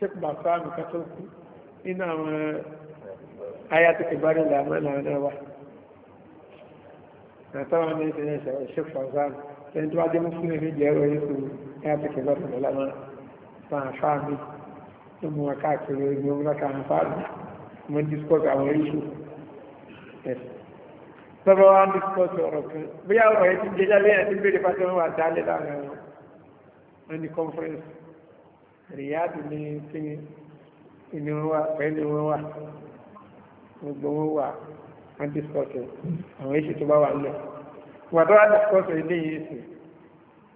sheik bàbá mi ká tó kú nínú àwọn eh, ayatollah ìbárí làmọ́ làwọn náà wà àtàwọn ní ìṣẹ̀lẹ̀ ìṣẹ̀lẹ̀ sheik bàbá mi ẹni tó wá dé mú fún ẹni jẹ́ ẹ̀rọ yìí fún ayatollah ìbárí làmọ́ fún àfáà mi tó mú wọn káàkiri ẹgbẹ́ wọn láka àfáà mi mo discuss àwọn issue tọ́bọ̀ wá ń discuss ọ̀rọ̀ kan bóyá ọ̀rọ̀ yẹn ti jẹjá lẹ́yìn àti bèrè pàṣẹ wọn wà dálé láàrin wọn ní conference rìyáàdì ní kíni inú pẹ̀lú wọn gbogbo wọn wà wọn àwọn èsì tó bá wà nílẹ̀ wọn tó wá discọ́sì ilé yìí sì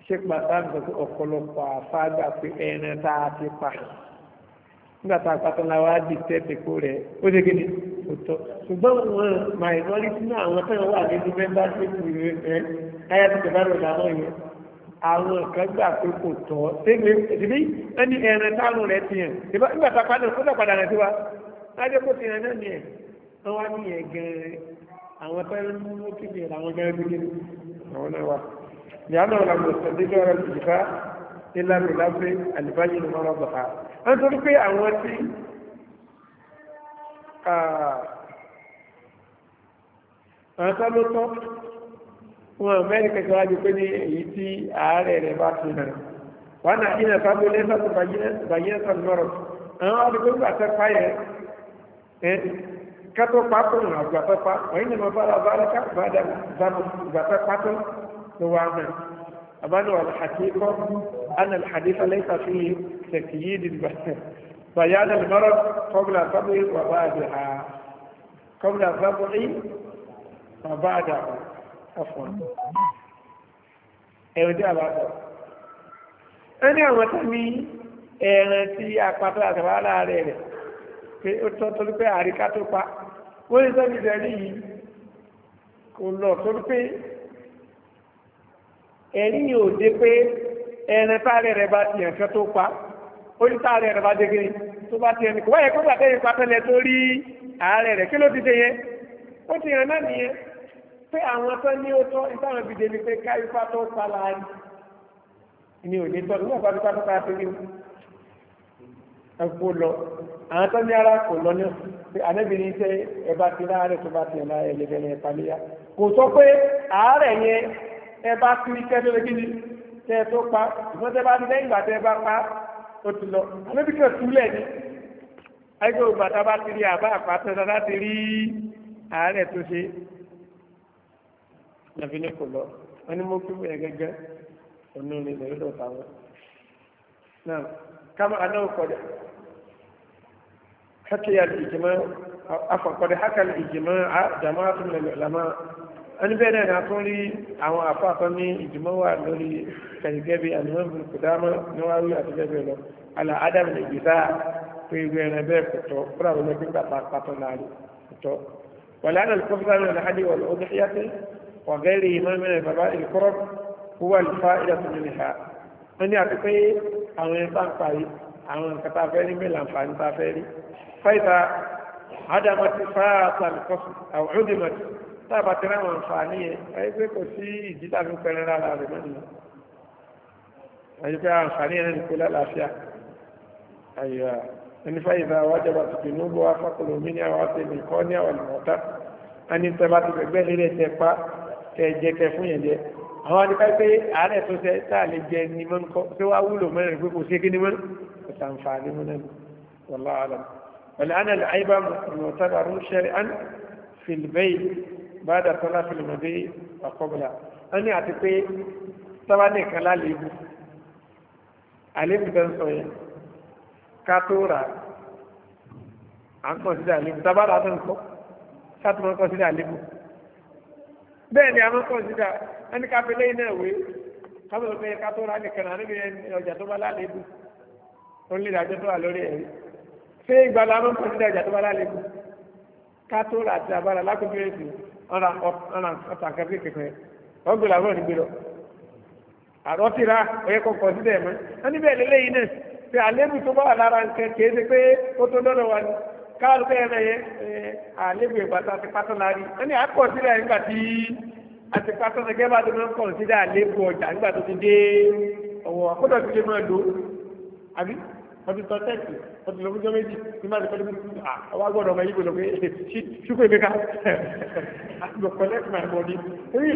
ṣé pàtàkì sọ ọ̀pọ̀lọpọ̀ àfáàgbà pé ẹran tá ti pa nígbà tá a pàtó la wá di tẹ́tẹ̀kó rẹ̀ ó ṣe kò tọ́ ṣùgbọ́n àwọn kan gbà pé kò tọ́ ṣégbé ìdíbí ẹni ẹran táwọn rẹ̀ ti yàn nígbà tá a padà kó dà padà rẹ̀ sí wa lájẹ́ kó ti yàn náà ni ẹ̀ wọ́n wá nìyẹn gan-an àwọn tó ń mú kí ni àwọn gan-an ti kéde àwọn náà wà. ìyáná ọ̀la mo sọ dé lọ́rọ̀ ìjìká nílá mi lábẹ́ àlùbáyé ni wọ́n rọ̀bà á. wọ́n torí pé àwọn tí wọn mẹ́rin kẹta wájú pé ní èyí tí ààrẹ rẹ̀ bá fi hàn wọn náà yìí náà sábò lẹ́sà tó bàyẹ́ sàn lọ́rọ̀ àwọn àdúgbò ń gbàtẹ́ pa yẹ ẹ kátó pátó ń àgbàtẹ́ pa wọ́n yìí náà bá la bá la ká bá dà zanu gbàtẹ́ pátó ló wà náà àbánu alḥakíkọ́ ana alḥadífa lẹ́sà fi tẹ̀kìyí dìgbà bàyẹ́ àdà lọ́rọ̀ kọ́bùlà sábò wà bá a bẹ̀ ha kọ́bùlà sábò yìí wà bá a dà ha. afọ́n ẹ̀rọ tí a bá sọ ẹ ní àwọn tó ní ẹran tí apatọ àtàwọn aláàrẹ rẹ pé ó tọ́ torí pé àríká tó pa wọ́n lè sọ́bi ìdẹ́rí yìí kò lọ torí pé ẹ̀rí yìí ò dé pé ẹran táàrẹ rẹ bá ti yàn kẹ́ tó pa ó ní táàrẹ rẹ bá dé kiri tó bá ti yàn nìkan wáyé kó gbàtẹ́yìn pa tẹ́lẹ̀ tó rí ààrẹ rẹ kí ló ti dé yẹn ó ti yàn náà nìyẹn pé àwọn tó ní ó tọ́ ìtàwọn ìbìdè ni pé káyí pátó sálárì ni ò ní tọ́ nígbà pátó pátó pátó rí ẹ̀kú lọ àwọn tó ní ara kò lọ ní pé àdébìnrin tẹ ẹ bá ti láàárẹ̀ tó bá ti ẹ̀ láàárẹ̀ lẹ́gbẹ̀rẹ̀ ìpàlẹ́yà kò sọ pé àárẹ̀ yẹn ẹ bá kiri kẹ́tọ́ lẹ́gbẹ̀rẹ̀ ni tẹ tó pa ìfọ́n tẹ bá ti lẹ́yìn ìgbà tẹ bá pa ó ti lọ àdébìnrin kan túlẹ̀ ni ẹgbẹ́ ògbà tá a bá ti rí àbá nàbí ní kò lọ wọn ni mo kí wọn gẹ́gẹ́ ònú ni lè lọ táwọn náà kama anáwó kọdẹ hakẹ alìjìmọ afọkọdẹ hakẹ alìjìmọ àjàmọ àtúnlẹ lọlọmọ ẹni bẹ́ẹ̀ náà nàá tún rí àwọn afáfá ní ìjìmọ̀ wà lórí kàyígẹ́bí àníwọ̀n bí kùdámọ́ níwáwí àti bẹ́ẹ̀ bẹ́ẹ̀ lọ àlà adam lè gbèsà pé ìwé ẹran bẹ́ẹ̀ kò tọ́ kúrò àwọn ẹgbẹ́ gbàgbà pàtó náà to kò tọ́ wàlẹ́ àná lè kọ́fíìsà náà lè hádìí wọ̀lọ́ ọdún وغيرهما من الفضائل القرب هو الفائدة منها wọ́n ní àti pé àwọn ẹni tá ń parí àwọn nǹkan tá a fẹ́ rí mélòó àǹfààní tá a fẹ́ rí fáìtà ádámọ́tì fáàtà nìkọ́sù àwọn òdìmọ̀tì tá a bá tẹ́lẹ̀ àwọn àǹfààní yẹn ayé pé kò sí ìdí tàbí pẹ̀lẹ́ rárá rẹ̀ mọ́ nìyẹn ayé pé àǹfààní yẹn ní kó lálàáfíà ayé ẹni fáìtà wájọba tẹ jẹ tẹ fún yẹn jẹ àwọn adìpá pé àárẹ̀ tó ṣe tá a lè jẹ ní mọ́ nǹkan tó wá wúlò mẹ́rin pé kò sí kí ni mọ́ kò sàǹfààní mọ́ náà wàlá àlàm wàlá àná lè àyíbá mọ̀tàbà rú ṣẹlẹ̀ án fìlbẹ́yì bá dà tọ́lá fìlmọ̀dé àkọ́bùlà wọ́n ní àti pé tọ́lá nìkan lálébù àlébù tó ń sọ yẹn ká tó rà á ń kọ̀ sí àlébù tábàdà tó ń kọ́ ká kọ́ sí àlébù. bẹ́ẹ̀ ni a máa kọ̀nsídà ẹni ká fi lẹ́yìn náà wé káwọn ọmọ ẹ̀ka tó rà nìkan náà níbi ọjà tó bá lálébù ó lè dájọ́ tó wà lórí ẹ̀rí ṣé ìgbà la máa kọ̀nsídà ọjà tó bá lálébù ká tó rà àti àbára lákòókò èsì ọ̀nà ọ̀tà kẹfì kẹfẹ ọ̀gbìn làwọn òní gbé lọ. àrọ́ ti ra ọ̀yẹ́ kọ̀ kọ̀nsídà ẹ̀ mọ́ ẹni bẹ́ẹ̀ lẹ́yìn náà pé àlébù tó bá wà lára káàlù bẹ́ẹ̀ bẹ́ẹ̀ àlébù ìgbàta ti pátọ́ rí ẹni nígbà tí a ti pátọ́ gẹ́gẹ́ bá tó máa ń kọ̀ àlébù ọjà nígbà tó ti dé ọ̀wọ́ àkójọ ti lè máa lò àbí ọdún tó tẹ́ẹ̀tì ọdún lọ́gbọ́jọ́ méjì ní máa ti pẹ́ lórí àwọn agbọ́dọ̀ ọmọ yìí gbọ́dọ̀ pé ṣúkò ìgbéka àgbọ̀ collect my body èyí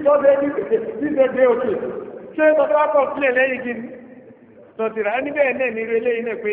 ìtọ́jú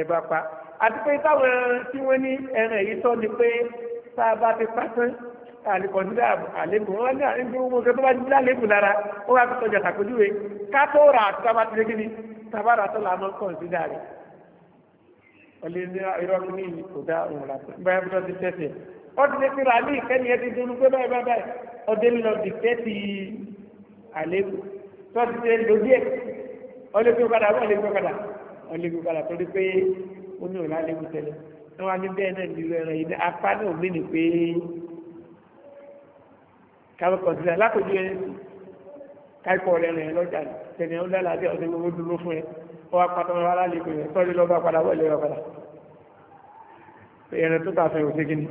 ẹ̀bá pa àti pé táwọn tí wọ́n ní ẹran èyí tọ́ ni pé tá a bá ti pásán àlìkọ̀dúdà àlébùn wọn ní àrígbé owó kan tó bá ti lálébùn lára ó wá tó tọjà sàkójúwe ká tó rà àti tábà ti légé ni tábà rà tó là máa ń kọ̀ǹsídà rẹ̀ ọ̀lẹ́ ní irọ́ mi ní ìkòdá òun rà báyà bí wọ́n ti tẹ̀sẹ̀ ó ti lè fi rà ní ìkẹ́ni ẹ ti dunú pé báyìí báyìí ọdẹ lọ dìtẹ́ ti àlébùn tó ti tẹ̀ lójú ẹ̀ ọlẹ́gbẹ́ padà wọ́n ọlẹ́gbẹ́ padà ọlẹ́gbẹ́ padà torí pé ó ní òun alẹ́gbẹ́ tẹ́lẹ̀ wọ́n wá ní bẹ́ẹ̀ náà nílò ẹran yìí apá náà ò mìíní pé káwé kọ̀ǹtìlẹ̀ alákòjú ẹ káìpọ̀ rẹ̀ rẹ̀ lọ́jà tẹ̀lé ó dára bí ọ̀sẹ̀ gbogbo dúró fún ẹ ó wá pátá wọn wá lẹ́gbẹ̀ẹ́ rẹ̀ tọ́jú lọ́ba padà wọlé rẹ̀ padà ẹran tó bá fẹ́ òṣè gíní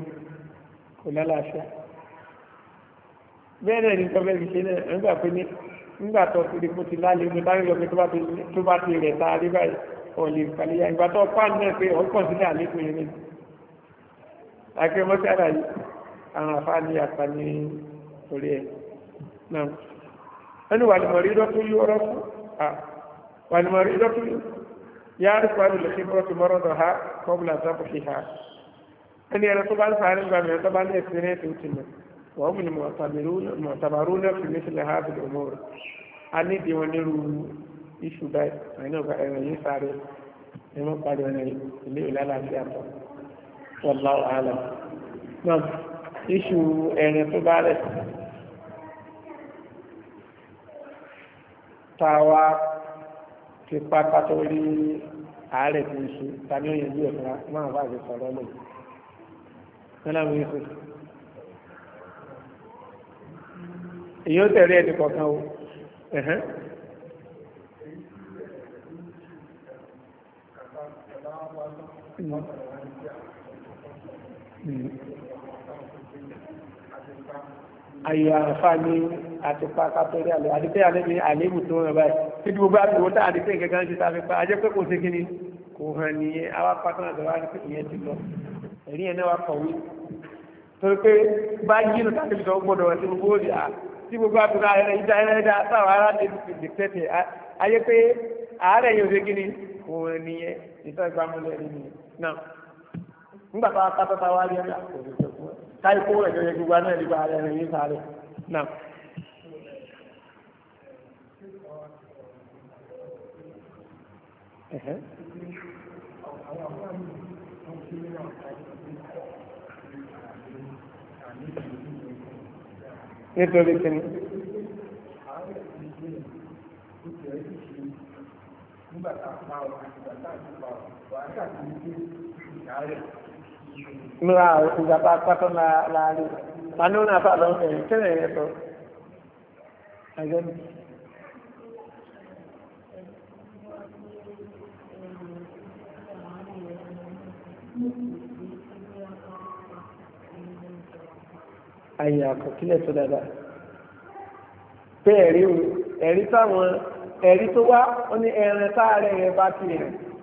kò lálàáfíà bẹ́ẹ̀ náà ní kọ́fẹ́ fi ṣe náà nígbà pé nígbà tó ti di kó ti lálẹ́ tá a rí ọ̀lẹ́ ìpàlẹ́yà ìgbà tó pàánù náà pé ọ̀pọ̀ sílẹ̀ àlékún yẹn lẹ́yìn àkẹ́ mọ́sára yìí àwọn àfáàní àpá ní orí ẹ̀ náà ẹni wà lùmọ̀rí lọ́tún yóò rọ́ fún à wà lùmọ̀rí lọ́tún yá rí pàánù lè ṣe bọ́ọ̀tù mọ́rọ́ dọ̀ ha kọ́bùlà sọ́pù fi ha ẹni ẹ̀rọ tó bá ń sàárín gbà mẹ́rin ní ẹ̀sìn rẹ̀ tó ti mọ̀ wọ́n iṣu báyìí ẹ̀yin náà ẹ̀rìn yìí sáré ẹ̀ mọ́ parí ẹ̀rìn ilé ìlú aláàfíà tọ̀ wọ́lá wàhálà náà iṣu ẹ̀rìn tó bá rẹ̀ táwa ti pa pátó rí àárẹ̀ tó ń ṣe tàbí ó yẹn bí ẹ̀fọ́ máa bá àgbẹ̀ sọ̀rọ̀ lọ yìí nílá mi èyí ó tẹ̀lé ẹni kọ̀ọ̀kan o sí wọn. àyè àǹfà ní àtìpá kápẹ́rẹ́ àlẹ́ àdìpẹ́ àlẹ́ ní àlébù tó rẹ̀ báyìí títí gbogbo àbíwò tá àdìpẹ́ gẹ́gẹ́ ṣe ta fi pa ajẹ́ pé kò sí kíni kò hàn nìyẹn àwa pátá náà tẹ̀wá pé ìyẹn ti lọ ẹ̀rí ẹ̀ náà wà kọ̀wé torí pé bá yínú tàbí sọ gbọ́dọ̀ ẹ̀ tí gbogbo ó di à tí gbogbo àbíwò ààrẹ ìdá ẹ̀rẹ́ dá táwọn ará lè náà nígbà tá a kápẹ́ tá a wá rí ẹ̀ka táìkó rẹ̀ jẹ́ gbogbo aná ìdìbò ààrẹ rẹ̀ yìí sáré náà. nítorí ni. nígbà tá a pa ọ̀rọ̀ àti bàtà àti Mira, ìgbà bá pátọ́ láàárín. Màá ní ó náà fà lọ́wọ́ ẹ̀yìn tẹ́lẹ̀ yẹn sọ. Àjẹ́ mi. ayé àkọsílẹ̀ tó dáadáa pé ẹ̀rí táwọn ẹ̀rí tó wá ó ní ẹran táàrẹ̀ ti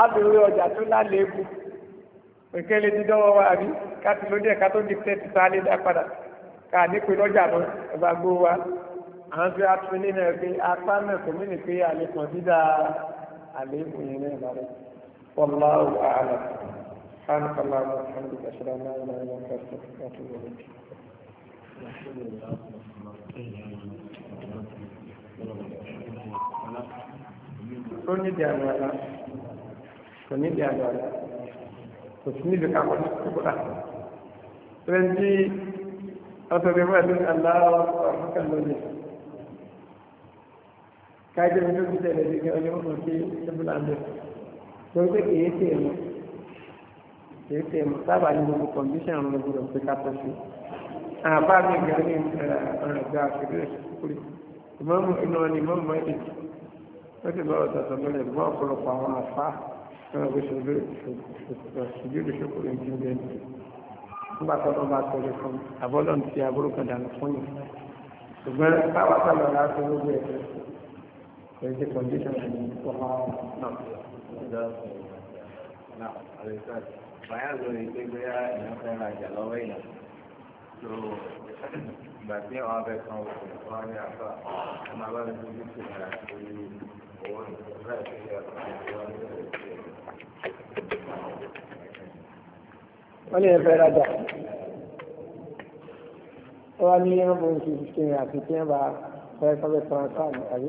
àbẹ̀wé ọjà tó lálẹ́kù òkèlè dídọ́wọ́ wa àbí káti ló díẹ̀ ká tó di tẹ́tì sáré dá padà ká nípe lọ́jà lọ ẹ̀bà gbó wa àwọn tí a tún nínú ẹ̀ pé apá náà kò mí nìpe àlékún dídá àlékù yẹn náà lọ́rẹ́ wallahu a'lam سبحانك اللهم وبحمدك اشهد ان لا اله الا انت استغفرك واتوب اليك الحمد لله والصلاه والسلام على رسول kò ní ìdí àjọ rẹ̀ kò sí níbi kakọ ní kúkúrà rẹ̀ tí ọ̀sọ̀rọ̀ ìwé ẹ̀dùn aláwọ̀ ọ̀fíkà lónìí káyọ̀ ní ojú ni ní ọjọ́ mọ̀ sí ìbúlá ń bẹ̀ lórí pé kìí ṣe èmọ̀ kìí ṣe èmọ̀ sábà ní gbogbo kọ̀ǹdíṣàn ọ̀rọ̀ gbọdọ̀ pé ká tọ́ sí àbá mi gan ní ọ̀rọ̀ ìgbà àfẹ́rẹ́ kúrì ìmọ̀ọ́mù iná ni ni ìmọ̀ọ́mù mọ́ náà bó ṣe lórí ṣòkò ìjìnlẹ̀ nígbà tó lọ́ bá sọ̀rọ̀ fún abọ́lọ́n ti aburúkọ dànù fún yìí ṣùgbọ́n báwa ká lọ láti gbogbo ẹ̀ kò ní ṣe condition ẹ̀ ní ọmọ náà. Báyà lórí pé bóyá èèyàn fẹ́ ra ìjà lọ́wọ́ èèyàn. Ìgbà tí àwọn abẹ kan oṣù wọn ní àbá, ẹ máa bá mi lójú sí ìrìn àjò owó ìjọba ìpínlẹ̀ ọ̀sán ìjọba wọ́n ní ẹ̀fẹ́ rajà ó wá ní yẹn bó ń fi fifteen àti tí yẹn bá fẹ́ sọ́bẹ̀ transfer ní àbí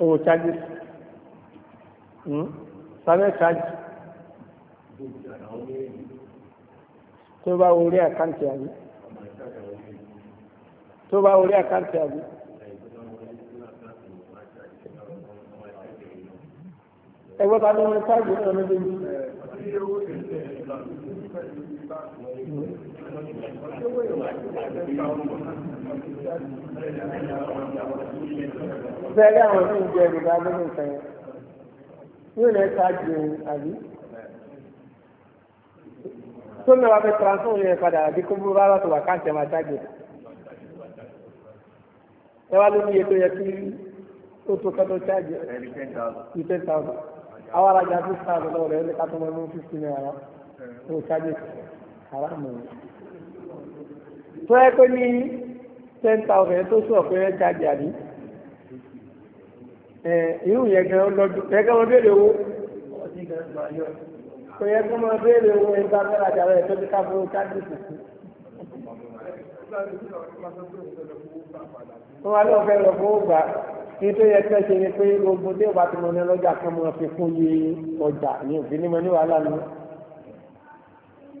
owó chájì hmm? sọ́bẹ̀ chájì tó bá orí àkáǹtì àbí tó bá orí àkáǹtì àbí. ẹgbẹ́ ta ló ń ṣáàjì ní ọdún méjì. Bẹ́ẹ̀rẹ́ àwọn tó ń jẹ ìrìnà lórí nǹkan yẹn. Yóò lẹ́ ṣáájú àbí? Tó ń lọ́wọ́ fẹ́ transform yẹn padà àbí kó búrú rárá tó wà káàkiri máa ṣáájú. Ẹ wá lórí iye tó yẹ kí ó tó kọ́ tó ṣáájú. Ẹ̀rí ten thousand àwọn arajà tó sáà lọ́wọ́ rẹ̀ lẹ́ka tó mọ́ ní fífi náírà tó ṣáájú haramu. tó yẹ pé ní ten thousand tó sọ pé ẹ ṣáájú àbí irú yẹn gan lọ́dún yẹ kí wọ́n béèrè owó kò yẹ kí wọ́n béèrè owó ẹgbẹ́ abẹ́rajà rẹ̀ tó ti ká fún ṣáájú kùkú. wọ́n á lọ fẹ́ lọ fún gbà nítorí yẹ kẹ́ ṣe ni pé gbogbo dé ìwà tí mo ní lọ́jà kan mo fi kún yé ọjà ní òfin ní mo ní wàhálà nù.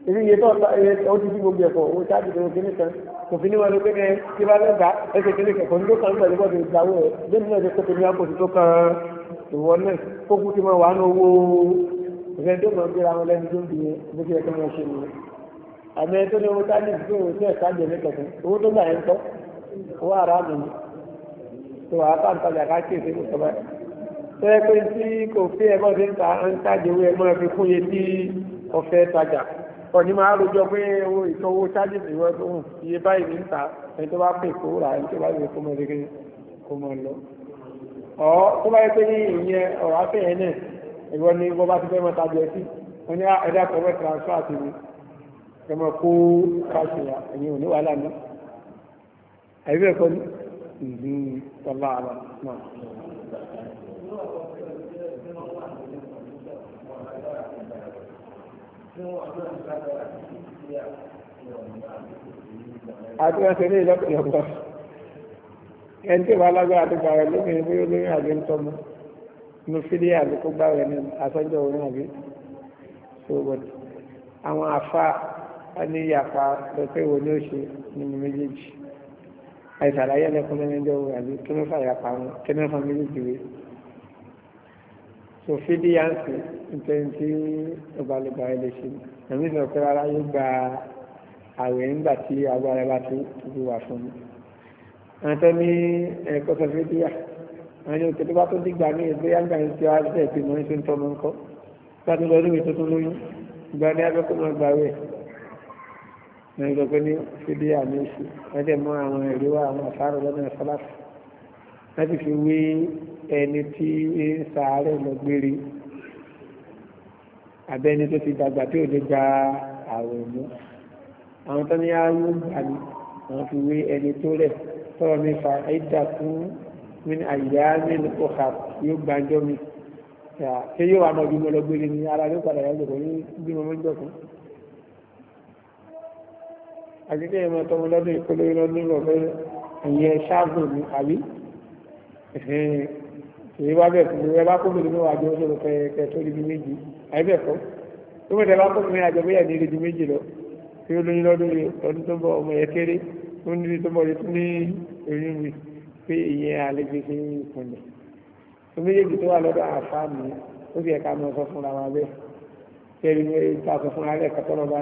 ibi iye tó ọ̀tá iye tó ti fi gbogbo ẹ̀kọ́ owó ṣáàjì tó kéde kan kò fi ní wọn ló pé ní kí bá lọ́gà ẹsẹ̀ kéde kan kò ní ló kàn ń bẹ̀rẹ̀ bọ́ọ̀dù ìgbàwó ẹ̀ lẹ́nu náà ṣe kó tèmi àpòsí tó kan ìwọ náà kó kú ti mọ wà ní owó ìfẹ́ tó mọ̀ gbéra wọn lẹ́nu tó ń bi bó ti yẹ kí wọ́n ṣe nìyẹn ni tó wà á tàǹtàjà ká kí èsì nìkan báyìí tó yẹ pé tí kò fi ẹ̀mọ́ sí ń ta ń tájẹ owó ẹ̀mọ́ fi kún yẹ tí ọ̀fẹ́ tajà ọ̀ní máa rojọ́ pé owó ìtọ́wó tájì ìwọ́n tó hùn iye báyìí ní ń ta ẹni tó bá pè kó rà ẹni tó bá lè kó mọ́ ẹ̀rẹ́gẹ́ kó mọ́ lọ. ọ̀ tó bá yẹ pé ní ìyẹn ọ̀rọ̀ afẹ́ yẹn náà ìwọ ni wọ́n bá ti fẹ́ mọ́ tajà ẹtì wọ́n ní ẹ̀dá kọ̀wé transfer ti mi kẹ́mọ̀ kó káṣù ẹ̀yìn òní wàhálà mi. àyè ìlú ọlá àlọ́ náà. àti wọn ṣe ní ìlọ́pọ̀lọpọ̀ ẹni tí wọn lágbára àti gbàrẹ lómìnir bí olóyún àbí ń tọmọ inú fídíò àbí kó gbàrẹ ní asọjọ orin àbí tó wọlé àwọn àfa ẹni yàpa lọ pé wo ni ó ṣe nínú méjèèjì àìsàlàyé lẹ́kùn lẹ́nẹ́jọ́ òun àbí kí ló fàyà parun kí ló fà méjì wé so fídíyàǹsì nítorí ọbalùbà ilé ṣe ẹ̀mí sọ pé rárá yóò gba àwẹ̀ nígbà tí agbára bá ti tóbi wà fún mi àwọn tó ní ẹ̀kọ́ sọ fídíyà àwọn yóò tètè bá tó dìgbà ní ẹgbẹ́ yàgbà ní ti wá bẹ́ẹ̀ pé mo ń ṣe ń tọ́ mọ́ ń kọ́ bá tó lọ tó tó lóyún ìgbà ní abẹ́kọ́ mọ́ gbà wẹ̀ ní gbogbo ní fídíà ní oṣù ẹ̀dẹ̀ mọ́ àwọn ìrírá àwọn àṣàrò lọ́nà ìfọláṣù láti fi wé ẹni tí ń sàárẹ̀ lọ gbére abẹ́ni tó ti dàgbà tí ò lè gba àwẹ̀ mú àwọn tó ní ààrùn àmì àwọn fi wé ẹni tó rẹ̀ tọ́rọ mi fa ẹ̀dà fún mi ní àyà mélòó ọ̀hà yóò gbàjọ́ mi ṣé yóò wà mọ́ bí mo lọ ní ara ló padà yàgò àdídé ìmọ̀ tọmọ lọ́dún ìpele lọ́dún lọ́fẹ́ ẹ̀yẹ ṣáàbù ní àbí èyí wá bẹ̀ fún mi ẹ bá kó mi nínú àjọ òṣèlú kẹkẹ tó di méjì àyè bẹ̀ fọ́ tó mẹ́tẹ̀ bá kó mi àjọ bóyá ní di méjì lọ tí ó lóyún lọ́dún rẹ̀ lọ́dún tó bọ̀ ọmọ yẹn kéré ó ní tó bọ̀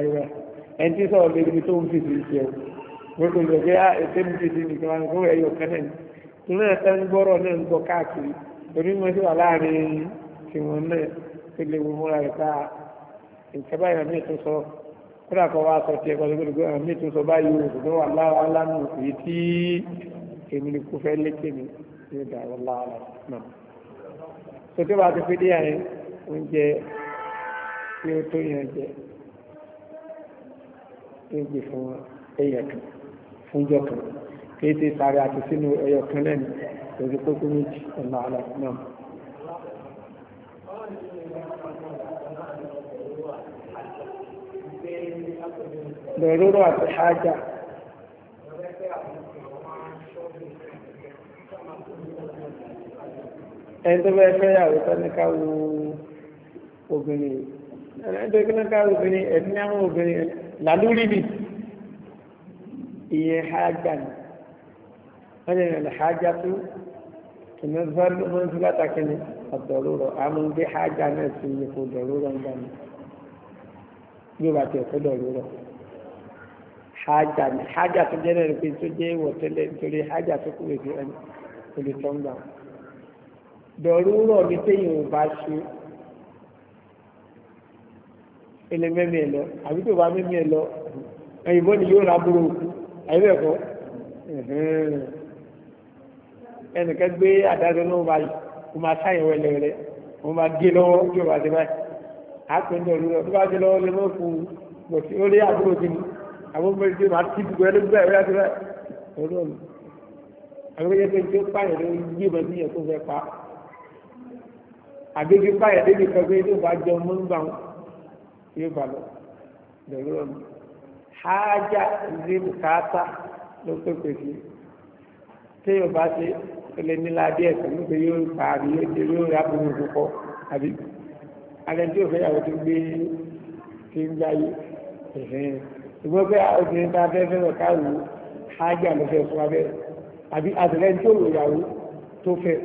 yẹn ẹni tí sọ̀rọ̀ lórí tó ń fìdí ṣe o mo kò sọ pé a ètè mi fìdí nìkan wá ní fún ẹyọ kan náà tún náà tẹ́ ń gbọ́rọ̀ náà ń gbọ́ káàkiri torí mo sì wà láàrin tiwọn náà tó léwu múra rẹ̀ sọ kódà kan wá sọ tiẹ̀ tún sọ báyìí o tó wà láwa lánàá èyí tí èmi ni kò fẹ́ lékè mi ní ìdá ọlọ́ọ̀lá náà. sotí wàá ti fi dé àyè oúnjẹ tí ó tó yẹn jẹ yóò gbé fún ẹyẹ kan fúnjọ kan kéde sáré àti sínú ẹyọ kan lẹ́nu lórí kókó méjì ọ̀nà àlà náà. lọ́rọ́rọ́ àti hájà. ẹni tó bẹ́ẹ̀ fẹ́ yàwó tání ká wo obìnrin ẹni tó kí ní ká obìnrin ẹni ní laluri ne iya haja ne wani ne haja su tunan zarri mun fi lata kini a daruro amin bi haja ne su yi ko daruron gani bí wàá tẹ̀ fẹ́ dọ̀rọ̀ rọ̀ haja ni haja tó jẹ́ náà pé tó jẹ́ ìwọ̀ tẹ́lẹ̀ nítorí haja tó kúrò sí ẹni olùtọ́ngbà dọ̀rọ̀ rọ̀ téèyàn ò bá ṣe ele mẹ́mí ẹ̀ lọ àbí tó bá mẹ́mí ẹ̀ lọ ẹ̀yìnbó ni yóò ra búrò àyẹ̀wò ẹ̀kọ́ ẹnìkan gbé àdájọ́ náà báyìí kó máa sáyẹ̀wò ẹlẹ́rẹ́ kó máa gé lọ́wọ́ tí ó bá ti báyìí àpèjọ òlùrọ̀ tó bá ti lọ́wọ́ lè mọ́ fún bọ̀ sí ó lé àbúrò ti ní àbúrò ti máa ti dùgbọ́ ẹlẹ́gbẹ́ ẹ̀rẹ́ àti báyìí ọlọ́run àgbẹ̀jẹ̀ pé tí ó pààyàn ló yé mọ́ bí yóò gbà lọ lórí ọ̀nà hájà ìdí bùkátà ló pépè sí téèyàn bá ṣe ó lè nílá díẹ̀ pẹ̀lú pé yóò pa àbí yóò ṣe yóò rí abúlé òkúkọ àbí alẹ́ tí òfin yàwó tó gbé tí ń gbáyé ṣùgbọ́n pé obìnrin tá a fẹ́ fẹ́ràn káàrú hájà ló fẹ́ fún abẹ́ àbí àtẹ̀lẹ́ tí òwò ìyàwó tó fẹ́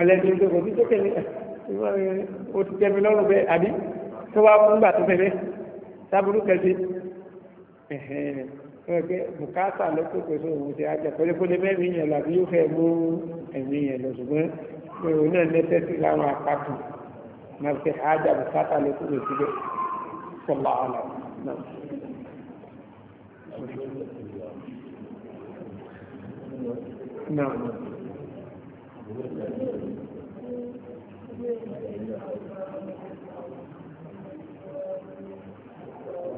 alẹ́ tí ó tó kọ̀ tí tó kẹ́lẹ́ ó ti tẹ́ mi lọ́rùn bẹ́ẹ̀ àbí tó wá fún gbà tó fẹ́rẹ́ sábúrú kẹsí ẹ̀hẹ́n bùkátà lọ́pọ̀ pẹ̀sọ́ òun ti ajẹ́ pẹ́lẹ́pẹ́lẹ́ mẹ́rin yẹn làbí yóò fẹ́ mú ẹ̀mí yẹn lọ ṣùgbọ́n òun náà lẹ́sẹ̀ sí láwọn apákan máa fi ajá bùkátà lọ́pọ̀ pẹ̀sọ́ síbẹ̀ sọ̀lá ọ̀la náà. Now.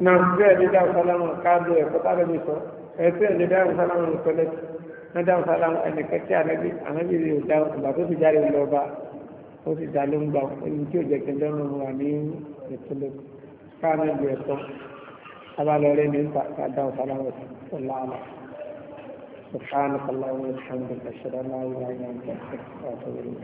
na bẹ́ẹ̀ ni dáhùn sálámù káàdù ẹ̀kọ́ tábẹ́ mi sọ ẹ̀sẹ̀ ni dáhùn sálámù sọlẹ̀ ní dáhùn sálámù ẹnìkan tí ànábì ànábì rẹ̀ ò dáhùn ìgbà tó ti jáde lọ bá ó ti dá ló ń gbà ẹni tí ò jẹ́ kí lọ́nà wà ní ìpínlẹ̀ káàmì ìlú ẹ̀kọ́ abalọ́rẹ́ ní nípa dáhùn sálámù ọ̀làlà سبحانك اللهم وبحمدك اشهد ان لا اله الا انت